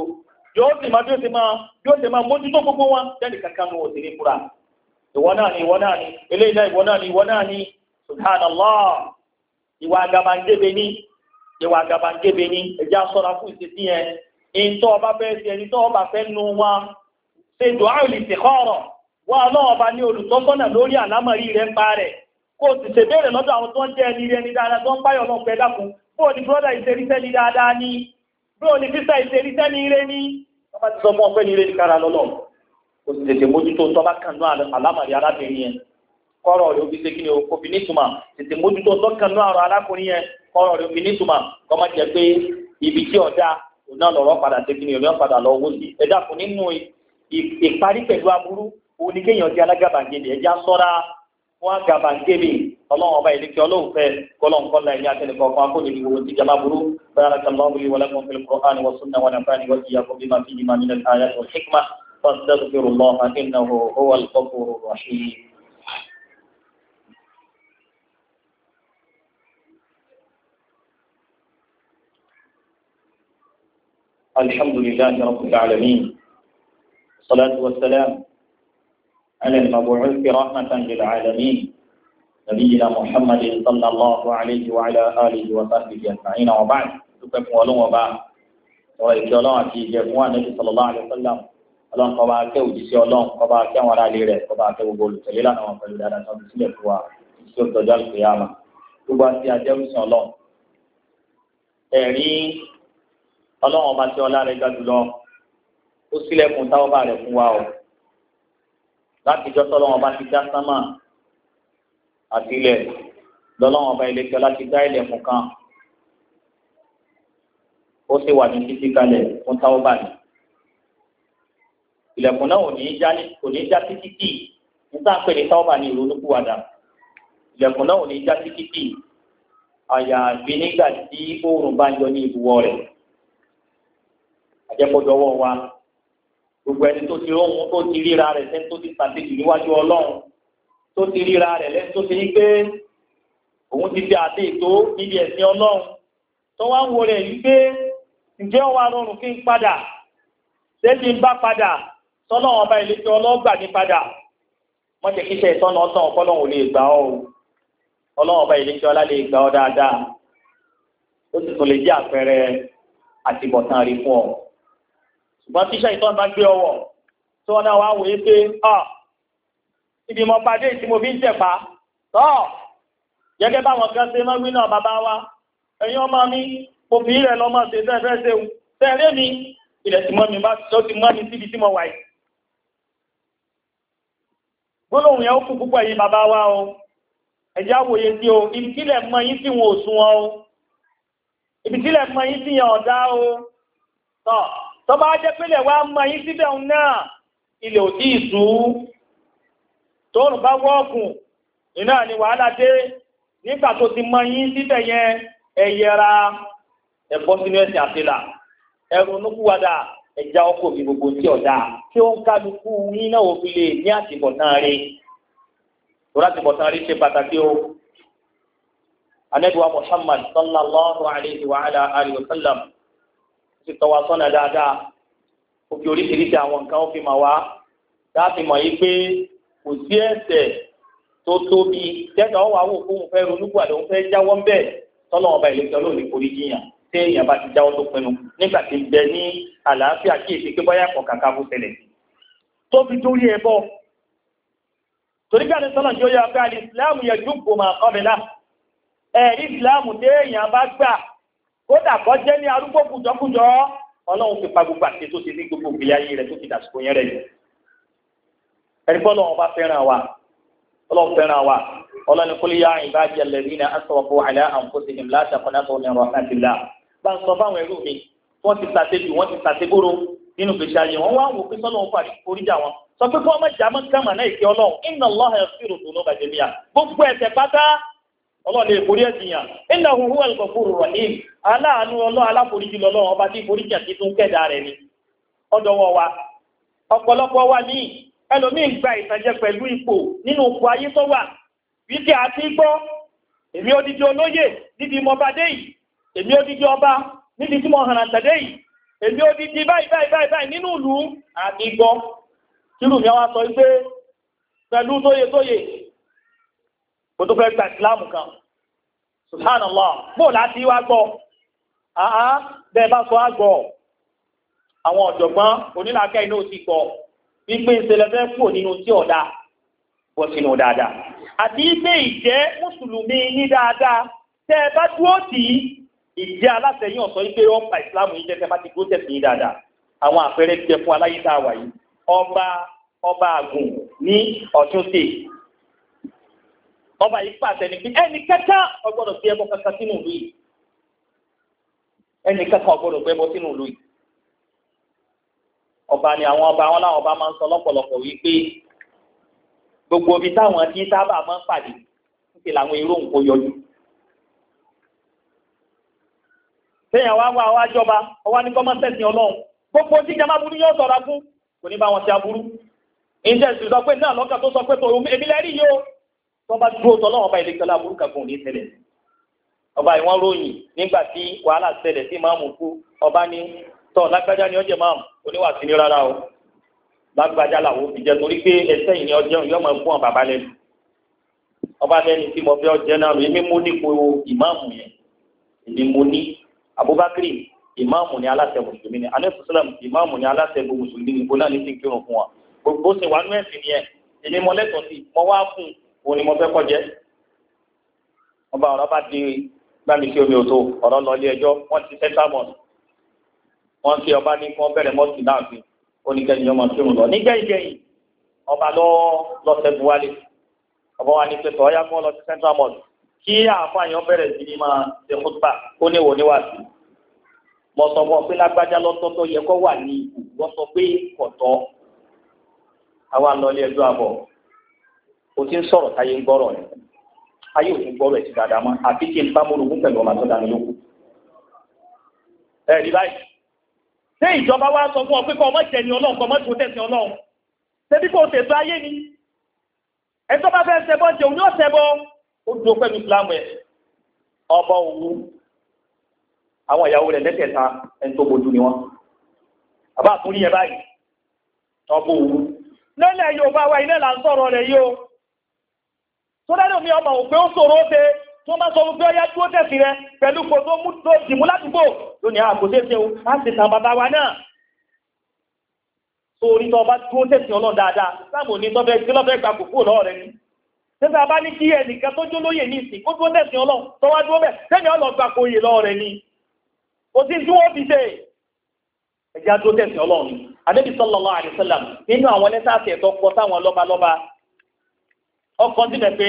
yóò sì máa bí ó ṣe máa bí ó ṣe máa mójútó gbogbo wọn jẹ́ni kankan ló sì ní fura ìwọ náà ni ìwọ náà ni eléyìí náà ìwọ náà ni ìwọ náà ni subhanallah ìwà àgàbàǹgẹ̀bẹ̀ ni ìwà àgàbàǹgẹ̀bẹ̀ ni ẹ̀jẹ̀ aṣọ́ra fún ìṣesí yẹn ìntọ́ ọba fẹ́ sí ẹni tọ́ ọba fẹ́ nú wa ṣe dùá ìlìsìkọ́ọ̀rọ̀ wà lọ́ọ̀ba ní olùtọ́gbọ́nà lórí àlámọ̀rí rẹ̀ ń pa rẹ̀ kó o sì ṣe béèrè lọ́dọ̀ àwọn tó ń jẹ́ ẹni rẹ̀ ní dáadáa tó ń páyọ̀ lọ́n pẹ́ dákun bó o ní brọ́dà ìṣeríṣẹ́ ní dáadáa ní bí o ní fífẹ́ ìṣeríṣẹ́ ní ire ní ọba ti sọ mọ́ ọpẹ́ ní ire ní kára lọ́lọ́ kò sì tètè mójútó tọ́ba kanú àlámọ̀rí arábìnrin yẹn kọ́rọ̀ rẹ̀ òbí ṣe kí ni o fi nítumà tètè mójútó tọ́kanú òun náà lọ̀rọ̀ padà ṣe kí ni òun padà lọ wó sí ẹ dákun nínú ìparí pẹ̀lú aburú òun ni kéèyàn ti alágàbàǹgẹ̀mì ẹ̀já sọ́ra fún àgàbàǹgẹ̀mì ọlọ́run ọba ìlẹ́kẹ́ ọlọ́run fẹ́ kọ́lọ́n kọ́lá ẹ̀yà tẹ́lẹ̀ kọ̀ọ̀kan akóni ni wọ́n ti jama burú بارك الله لي ولكم في القرآن والسنة ونفعني وإياكم بما فيهما من الآيات والحكمة فاستغفروا الله إنه هو الغفور الرحيم الحمد لله رب العالمين والصلاة والسلام على المبعوث رحمة للعالمين نبينا محمد صلى الله عليه وعلى آله وصحبه أجمعين وبعد تكفوا ولو وبعد ورأيك الله في جفوان النبي صلى الله عليه وسلم ọlọ́run kọba akẹ́ òjíṣẹ́ ọlọ́run kọba akẹ́ àwọn aráalé rẹ̀ kọba akẹ́ gbogbo olùtẹ̀lé lánàá wọn pẹ̀lú dáadáa tó ń sílẹ̀ fún wa sí òtọ́jú àlùkò yàrá gbogbo àti ajẹ́rùsìn ọlọ́run ẹ̀rí ọlọ́run ọba tí ọlá rẹ̀ ga jùlọ ó sílẹ̀kùn táwọn bá rẹ̀ fún wa o látijọ́ tọ́lọ́run ọba ti dá sámà àti ilẹ̀ lọ́lọ́run ọba ìlẹ́kẹ́ láti dá ilẹ̀kùn kan ó sì wà ní títí kalẹ̀ fún táwọn bá rẹ̀ ilẹ̀kùn náà kò ní já títí kì í nígbà pé ní táwọn ní ìrònúkúwàdà ilẹ̀kùn náà ò ní já títí kì í àyàfi nígbà tí oòrùn bá ń yọ ní ìbúwọ́ rẹ̀ àjẹkọ̀dọ̀wọ́ wa gbogbo ẹni tó ti róhun tó ti ríra rẹ̀ sẹ́ni tó ti pàtẹ́jù níwájú ọlọ́run tó ti ríra rẹ̀ lẹ́ni tó ti ní pé òun ti fi àdé ètò níbi ẹ̀sìn ọlọ́run tó wá ń wo rẹ̀ yí pé ǹjẹ́ ó wá rọrùn kí n padà sẹ́ni ń bá padà tọ́lọ́wọ́n ọba ìlú tí ọlọ́gbà ní padà wọ́n ti kíṣe ìtọ́nà ọ̀tàn ọ̀pọ̀lọ́wọ́n lè gbà ọ́ ọlọ́wọ́n ọba ìlú ọlá lè gbà ọ́ dáadáa ó sì tún lè jẹ́ àpẹẹrẹ àtibọ̀tán rí fún ọ ṣùgbọ́n tíṣà ìtọ́n bá gbé ọwọ́ tí wọ́n náà wá wòye pé ọ̀ ah, ibi mọ́ padé tí mo fi ń jẹ̀pá tọ́ gẹ́gẹ́ báwọn kan ṣe mọ́ wínà bàbá wa ẹ̀yin ọmọ mi mo fi rẹ̀ lọ́mọ ṣe fẹ́fẹ́ ṣe wù tẹ́lẹ̀ mi ilẹ̀ tí mọ́ mi bá tó ti mọ́ mi síbi tí mo wà yìí gbólóhùn yẹn ó kú púpọ̀ yìí bàbá wa o ẹ̀já wòye sí o ibi tílẹ̀ mọ yín tí wọn ò sun wọn o ibi tílẹ̀ mọ yín tí yẹn ọ̀dá o tọ́ tó bá jẹ́ pẹ́lẹ̀ wá mọ́ yí síbẹ̀ náà ilẹ̀ òtí ìsú tóòrùn bá wọ́ọ̀kùn iná ni wàhálà dé nígbà tó ti mọ́ yí síbẹ̀ yẹn ẹ̀yẹra ẹ̀bọ́ sínú ẹ̀sìn àtìlà ẹ̀rù onúkúwadà ẹ̀já ọkọ̀ mi gbogbo tí ọ̀dà tí ó ń kálukú yín náà ò fi lè ní àtìbọ̀tán rí lórí àtìbọ̀tán rí ṣe pàtàkì o anabiwa Muhammad sallallahu alayhi wa ala wa sallam sì tọ́ wa sọ́nà dáadáa ó fi oríṣiríṣi àwọn nǹkan ó fi mà wá láti mọ̀ yìí pé kò sí ẹ̀ṣẹ̀ tó tóbi tẹ́tà ọ̀wọ́ àwọn òkú òun fẹ́ ronú pàdé òun fẹ́ jáwọ́ ń bẹ̀ tọ́lọ́ ọba ìlú ìjọ lónìí forí jiyàn tí èèyàn bá ti jáwọ́ tó pinnu nígbà tí ń bẹ ní àlàáfíà kí èsì pé báyà kọ̀ kàkà bó ṣẹlẹ̀ tó fi dórí ẹ bọ́ torí bí àdìsọ́nà tí ó yẹ abẹ́ àdìsílámù yẹ jókòó máa kọ́ mi lá ẹ̀rí ìsìlámù tí èèyàn bá gbà kódà kọ́ jẹ́ ní arúgbó kùjọ́kùjọ́ ọlọ́run ti pa gbogbo àti tó ti ní gbogbo ìgbéyà ayé rẹ̀ tó ti dàsìkò yẹn rẹ̀ yìí ẹni pé ọlọ́run bá fẹ́ràn wa ọlọ́run fẹ́ràn wa ọlọ́run kúlí yá ìbáàjì ẹlẹ́rìí náà asọ̀rọ̀kọ àlẹ́ àǹkóṣìlẹ̀ láti àkọ́nàtọ̀ ní ọ̀rọ̀ àti ìlà bá ń sọ fáwọn ẹrú mi wọ́n ti sàtẹ́jù wọ́n ti sàtẹ́gbóró nínú gbèsè pé sọ́lọ́run wọn sọ pé kí náà ìkẹ́ ọlọ́run iná lọ́hà ẹ̀fíìrò tó ló gbogbo ẹ̀ṣẹ̀ pátá ọlọ́ọ̀lẹ́ ìforí ẹ̀sìyàn innahu huwal ghafurur rahim aláàánú ọlọ́ aláforíjì lọ́lọ́ ọba tí ìforíjì àti tún kẹ́dà rẹ̀ ni ọdọwọ́ wa ọ̀pọ̀lọpọ̀ wa ní ń gba pẹ̀lú ipò nínú ayé tó wà wípé àti gbọ́ èmi odidi níbi mọba dé yìí èmi odidi ọba níbi tí mo tẹ̀dé yìí odidi báyìí báyìí báyìí nínú ìlú àti gbọ́ kó tó fẹ́ gba ìsìláàmù kan subhanallah bó láti wá gbọ́ àá bẹ́ẹ̀ bá sọ àgbọ̀ àwọn ọ̀jọ̀gbọ́n onílàákẹ́ iná ò ti gbọ́ wípé ìṣẹ̀lẹ̀ fẹ́ kúrò nínú tí ọ̀dà bọ́ sínú dáadáa àti ilé ìjẹ́ mùsùlùmí ní dáadáa tẹ́ ẹ bá dúró tì í ìjẹ́ alátẹ̀yìn ọ̀sọ́ wípé ọ̀pá ìsìláàmù yìí jẹ́ tẹ́ bá ti dúró tẹ̀sí yìí dáadáa àwọn àpẹẹrẹ ti jẹ fún aláyé tá a wà yìí ọba ọba àgùn ní ọ̀tún state ọba yìí pàṣẹ ní pé ẹnì kẹta ọgbọ́dọ̀ fi ẹbọ kankan sínú ìlú yìí ẹnì kẹta ọgbọ́dọ̀ gbẹbọ sínú ìlú yìí ọba ni àwọn ọba wọn làwọn ọba máa ń sọ lọ́pọ̀lọpọ̀ wípé gbogbo ibi táwọn tí sábà máa ń pàdé ń ṣe làwọn irú nǹkó yọjú. téèyàn wá wá wá jọba ọwá ní kọ́mọ́sẹ̀sì ọlọ́run gbogbo tí jama burú yóò sọ̀rọ̀ fún kò ní bá wọn ṣe aburú. ìjẹ́ sọ pé náà lọ́kàn tó sọ pé tòun èmi lẹ́rìí yóò tó bá dúró tọ́ lọ́wọ́ ọba ìlẹ́kẹ́lá burúkú kan ní tẹ́lẹ̀ ọba ìwọ́n ròyìn nígbà tí wàhálà ṣẹlẹ̀ sí máàmù kú ọba ní tọ́ lágbájá ni ọjẹ́ máàmù oníwàsí ní rárá o lágbájá làwọn fi jẹ torí pé ẹsẹ̀ yìí ni ọjẹ́ yọ máa fún bàbá lẹ́nu ọba lẹ́ni tí mo fẹ́ ọjẹ́ náà èmi mo ní po ìmáàmù yẹn èmi mo ní Abubakar ìmáàmù ni aláṣẹ mùsùlùmí ni anẹ́sùsùlẹ̀m ìmáàmù ni aláṣẹ mùsùlùmí ni bọ́lá ní ti ń kírun fún wa gbogbo ṣe wà nú ẹ̀sìn yẹn èmi mọ lẹ́tọ̀ọ́ sí mo wá fún un òun ni mo fẹ́ kọ́ jẹ́ ọba ọ̀rọ̀ bá di gbàmí sí omi òtó ọ̀rọ̀ lọ ilé ẹjọ́ wọ́n ti central mosque wọ́n fi ọba ní kí wọ́n bẹ̀rẹ̀ mosque náà fi oníkẹ́yìn ọmọ tí òun lọ nígbẹ̀yìngbẹ̀yìn ọba lọ lọ sẹ́gun wálé ọba wa ní pé sọ ọyá kọ́ lọ sí central mosque kí àfààyàn bẹ̀rẹ̀ sí ní máa ṣe khutba ó ní wò níwájú mo sọ fún ọ pé lágbájá lọ́tọ́tọ́ yẹ kó wà ní ìlú wọ́n sọ pé kọ̀tọ́ àwa lọ ilé ẹjọ́ àbọ̀ o ti ń sọ̀rọ̀ táyé ń gbọ́rọ̀ rẹ̀ ayé ò tún gbọ́rọ̀ ẹ̀ ti dáadáa mọ́ àfi kí n bá mọ́rogún pẹ̀lú ọmọ tó dání lóko. ẹ̀rí báyìí ṣé ìjọba wa sọ fún ọ pé kọ́ ọmọ jẹ ni ọlọ́run kọ́ ọmọ tó tẹ̀sí ọlọ́run ṣébí kò ṣètò ayé ni ẹ tó bá fẹ́ ṣẹbọ jẹun yóò ṣẹbọ ó dúró pẹ̀lú ìsìlámù ẹ̀ ọbọ̀ òwú àwọn ìyàwó rẹ̀ lẹ́tẹ̀ẹ̀ta ẹni tó bojú ni wọ́n àbá àtúnyẹ báyìí ọbọ̀ òwú lọ́lẹ̀ yóò bá wa ilé là ń sọ̀rọ̀ rẹ̀ yóò tó dẹ́nu mi ọmọ òpé ó ṣòro ó ṣe tó bá sọ wípé ọyá dúró tẹ̀sí rẹ pẹ̀lú kò tó mú tó dìmú ládùúgbò lónìí àkóso ṣe o á sì tàn bàbá wa náà torí tó bá dúró tẹ̀sí ọlọ́run dáadáa láàbò ní tọ́fẹ́ tí lọ́fẹ́ gba kòkó lọ́wọ́ rẹ ni tẹ́sí abá ní kí ẹnìkan tó jólóyè ọlọ́run tó wá nínú àwọn lẹ́tà àti pọ̀ sáwọn lọ́balọ́ba ọkọ̀ síbẹ̀ pé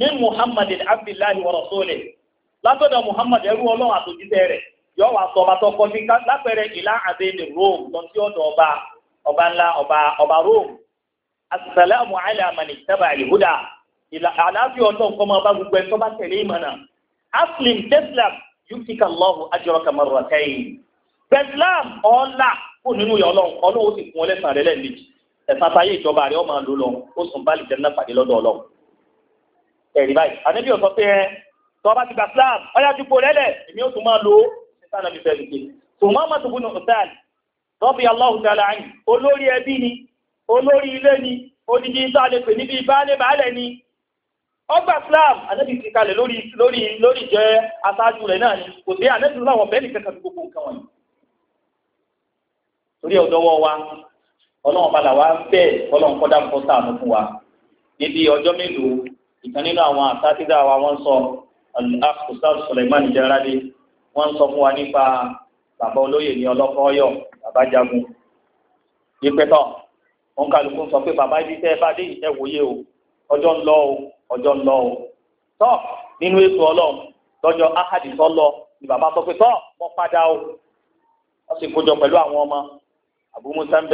min muhammad abdullahi wa rasuli látọ̀dọ̀ muhammad ẹrú ọlọ́run àtòjíṣẹ́ rẹ̀ yọ wà sọ ọba tọkọ sí lápẹẹrẹ ìlà àdé ní rome lọ sí ọ̀dọ̀ ọba ọba ńlá ọba ọba rome asàlámù àlà àmàlì sábà àlìhúdà àlàáfíà ọlọ́run kọ́ máa bá gbogbo ẹ̀ tó bá tẹ̀lé ìmọ̀nà aslim teslam yúkìkà lọ́hùn ajọ́rọ̀kà marratayn teslam ọ̀la kó nínú yọ ọlọ́run ọlọ́run ó sì fún ìjọba rẹ̀ ọ máa ó sùn bá lè jẹ́ ńlá lọ́dọ̀ ọlọ́run ẹ̀rí báyìí ànábì ọ̀sọ́ pé ẹ tọ́ bá ti gba Islam ọyá ju pòlẹ́lẹ̀ èmi ó tún máa lo sànàbí fẹ́ẹ́ gbé tòmọ́ mọ́tò bùnú ọ̀sán rọ́bì Allahu ta'ala anhu olórí ẹbí ni olórí ilé ni odidi tó a lè pè níbi baálé baálé ni ọgbà Islam ànábì ti kalẹ̀ lórí lórí lórí jẹ́ aṣáájú rẹ̀ náà ni kò sí ànábì láwọn bẹ́ẹ̀ nìkan kan gbogbo nǹkan wọ̀nyí torí ọ̀dọ́wọ́ wa ọlọ́run padà wá bẹ́ẹ̀ ọlọ́run kọ́dá ń kọ́ sáànù fún wa níbi ọjọ́ mélòó ìkan nínú àwọn àtàkìdá wa wọ́n sọ Ustaz Suleiman Jarade wọ́n sọ fún wa nípa bàbá olóyè ní ọlọ́kọ́ ọyọ̀ bàbá jagun ìpẹ́tọ̀ wọn kálukú sọ pé bàbá ibi tẹ́ ẹ bá dé yìí ẹ wòye o ọjọ́ ń lọ o ọjọ́ ń lọ o tọ́ nínú ètò ọlọ́run lọ́jọ́ ahadi lọ ni bàbá sọ pé tọ́ wọ́n padà o wọ́n sì kójọ pẹ̀lú àwọn ọmọ Abu Musa ń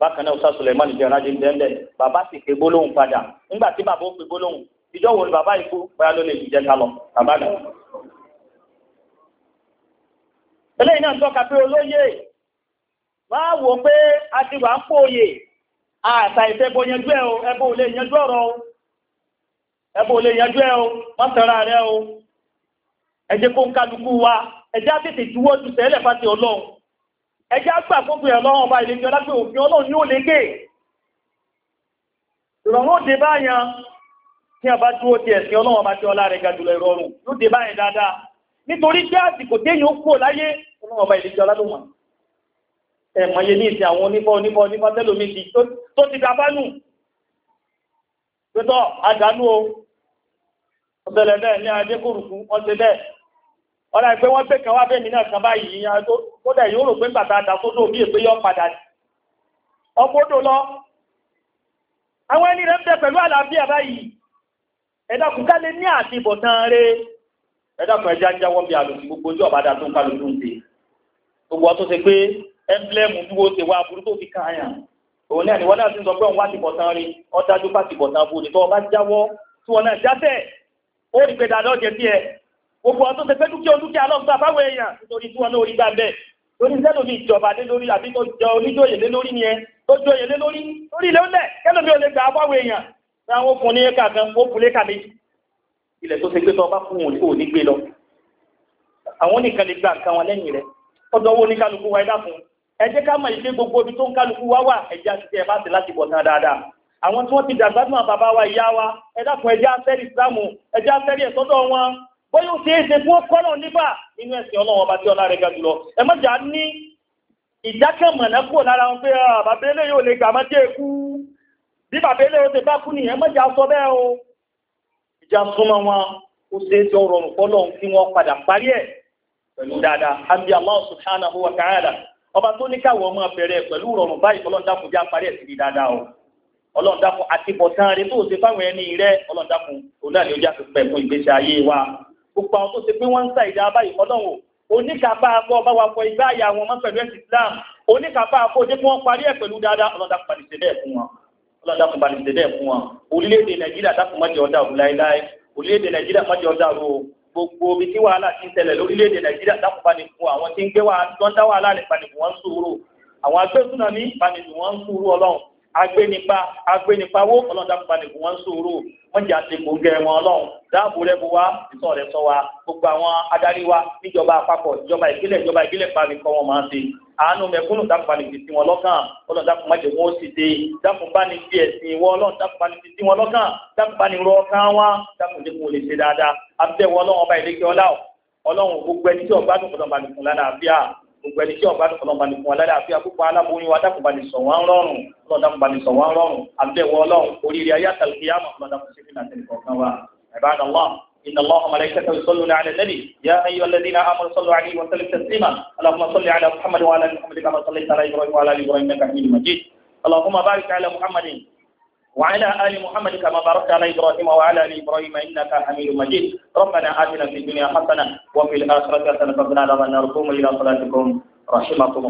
bákan náà Ustaz Suleiman Jaraji ń bẹ́ẹ̀ bàbá sì pé gbólóhùn padà nígbà tí bàbá ó pé gbólóhùn ìjọ wo ni bàbá yìí kú bóyá ló lè jẹ ká bàbá náà. eléyìí náà tọ́ka pé wò pé a ti wà ń pòòyè àṣà ìfẹ́bọ yanjú ẹ o ẹbọ ò lè yanjú ọ̀rọ̀ o ẹbọ ò lè yanjú ẹ o wa ẹ jẹ́ ju sẹ́lẹ̀ ẹjẹ́ àgbà gbogbo ẹ̀ lọ́wọ́ ọba ilé ìjọlá pé òfin ọlọ́run yóò lékè ìrọ̀rùn òde báyàn tí a bá dúró ti ẹ̀sìn ọlọ́run ọba tí ọlá rẹ̀ ga jùlọ ìrọ̀rùn yóò dé báyàn dáadáa nítorí pé àsìkò téèyàn kú láyé ọlọ́run ọba ilé ìjọlá ló mọ̀ ẹ̀mọ̀ye ní ìsìn àwọn onífọ́ onífọ́ onífọ́ tẹ́lómi ti tó ti dabánù pẹ́tọ́ àdánù o ọ̀sẹ̀lẹ̀ bẹ́ẹ̀ ní adékòrùkú ọ̀sẹ̀ bẹ́ẹ̀ ọ̀rọ̀ ìpé wọ́n gbé kan wá bẹ́ẹ̀ mi náà kan báyìí ìyàn tó kódà yóò rò pé bàtà àtàkódò bí èpé yọ padà ọgbódò lọ àwọn ẹni rẹ̀ ń bẹ pẹ̀lú àlàáfíà báyìí ẹ̀dàkùn ká lè ní àti ìbọ̀tán rẹ̀ ẹ̀dàkùn ẹja ń jáwọ́ bí àlòsí gbogbo ojú ọ̀bádà tó ń kálukú ń ṣe gbogbo ọtún ṣe pé ẹ́mblẹ́mù dúró ṣe ni wọ́n náà ti ọ gbogbo ọdún tẹ́fẹ́ dúkìá olúkìá lọ́gbà fáwọn èèyàn nítorí tí wọ́n lórí gbà bẹ́ẹ̀ lórí sẹ́lò ní ìjọba lé lórí àbí tó jẹ oníjòyè lé lórí ni ẹ tó jòyè lé lórí lórí ilé ọlẹ̀ kẹ́lò mi ò lè gbà fáwọn èèyàn láwọn ó fún ní ẹ̀ka kan ó fún lẹ́ka méjì ilẹ̀ tó ṣe pé tọ́ bá fún wọn ò ní gbé lọ àwọn nìkan lè gba nǹkan wọn lẹ́yìn rẹ̀ ọdọ̀ owó ní kálukú wa ẹ̀dá fún ẹ jẹ́ ká mọ̀ ìṣe gbogbo ibi tó ń kálukú wa wà ẹ̀jẹ̀ àṣìṣe ẹ̀ bá ti láti bọ̀ tán dáadáa àwọn tí wọ́n ti dàgbàdùn àbàbá wa ìyá wa ẹ dákun ẹ̀jẹ̀ afẹ́rí ìsìlámù ẹ̀jẹ̀ afẹ́rí ẹ̀sọ́dọ̀ wọn ó yóò ṣe é ṣe fún ọkọ́lọ̀ nígbà nínú ẹ̀sìn ọlọ́wọ́n bá tí ọlá rẹ̀ ga jùlọ ẹ mọ́jà ní ìdákẹ́mọ̀nà kúrò lára wọn pé bàbá ilé yóò lè gbà má jẹ́ ikú bí bàbá ilé yóò ti bá kú nìyẹn mọ́jà sọ bẹ́ẹ̀ o ìjà súnmọ́ wọn ó ṣe é ṣe ọ̀rọ̀ ọ̀pọ̀lọ̀ tí wọ́n padà parí ẹ̀ pẹ̀lú dáadáa àbí Allah subhanahu wa ta'ala ọba tó ní káwọ́ ọmọ bẹ̀rẹ̀ pẹ̀lú rọrùn báyìí ọlọ́run dákun já parí ẹ̀ sí di dáadáa o ọlọ́run dákun àti bọ̀tán rẹ tó ṣe fáwọn ẹni rẹ ọlọ́run dákun òun náà ni ó já fi pẹ̀ fún ìgbésí ayé wa gbogbo àwọn tó ṣe pé wọ́n ń sa ìdá abáyé ọlọ́run oníkàbá abọ́ bá wa fọ igbá àyà wọn mọ́ pẹ̀lú ẹ̀sìn Islam oníkàbá abọ́ dé kí wọ́n parí ẹ̀ pẹ̀lú dáadáa ọlọ́dà kò balẹ̀ ṣẹlẹ̀ fún wọn ọlọ́dà kò balẹ̀ ṣẹlẹ̀ fún wọn orílẹ̀-èdè Nàìjíríà dákun má jẹ́ ọ̀dà òun láéláé orílẹ̀-èdè Nàìjíríà má jẹ́ ọ̀dà òun gbogbo ibi tí wàhálà ti ń tẹ̀lẹ̀ lórílẹ̀-èdè Nàìjíríà dákun balẹ̀ fún àwọn tí ń gbé wàhálà lọ́ńdá wàhálà balẹ̀ fún wọn sùúrù àwọn agbésùnà ní balẹ̀ fún wọn sùúrù Ọlọ́run agbénipa agbénipawó ọlọ́dàpàdé kò wọ́n sòrò wọ́n jà sí kò gẹ̀rẹ̀ wọn ọlọ́run dáàbò rẹ bu wa ìsọ̀ rẹ sọ wa gbogbo àwọn adarí wa níjọba àpapọ̀ ìjọba ìpínlẹ̀ ìjọba ìpínlẹ̀ pàmì kọ́ wọn máa ń ṣe àánú mẹ̀kúnnù dákùnbalẹ̀ fi sí wọn lọ́kàn ọlọ́run dákùnmájẹ̀ wọn ó sì dé dákùnbáni fi ẹ̀sìn ìwọ ọlọ́run dákùnbalẹ̀ fi sí wọn lọ́kàn dákùnbáni rọ ọkàn wa dákùnlẹ̀ kò lè ṣe dáadáa àbẹ̀wò ọlọ́run ọba ìlẹ́kẹ́ ọlá ọlọ́run gbogbo ẹni tí ọgbádùn kọ̀ọ̀dọ̀ balùkùn lánàá bíà gbogbo ẹni tí ọba nìkan ọba nìkan alẹ́ àfi àkókò aláboyún wa dákùnbà ní sọ̀ wọ́n rọrùn lọ́dọ̀ dákùnbà ní sọ̀ wọ́n rọrùn àbẹ̀wò ọlọ́run oríire ayé àtàlùkì yá màkúlọ́ dákùn sí fún àtẹnì kọ̀ọ̀kan wa ìbára Allah إن الله وملائكته يصلون على النبي يا أيها الذين آمنوا صلوا عليه وسلموا تسليما اللهم صل على محمد وعلى آل محمد كما صليت على إبراهيم وعلى آل إبراهيم إنك حميد مجيد اللهم بارك على محمد وعلى آل محمد كما باركت على إبراهيم وعلى آل إبراهيم إنك حميد مجيد ربنا آتنا في الدنيا حسنة وفي الآخرة حسنة وقنا عذاب النار إلى صلاتكم رحمكم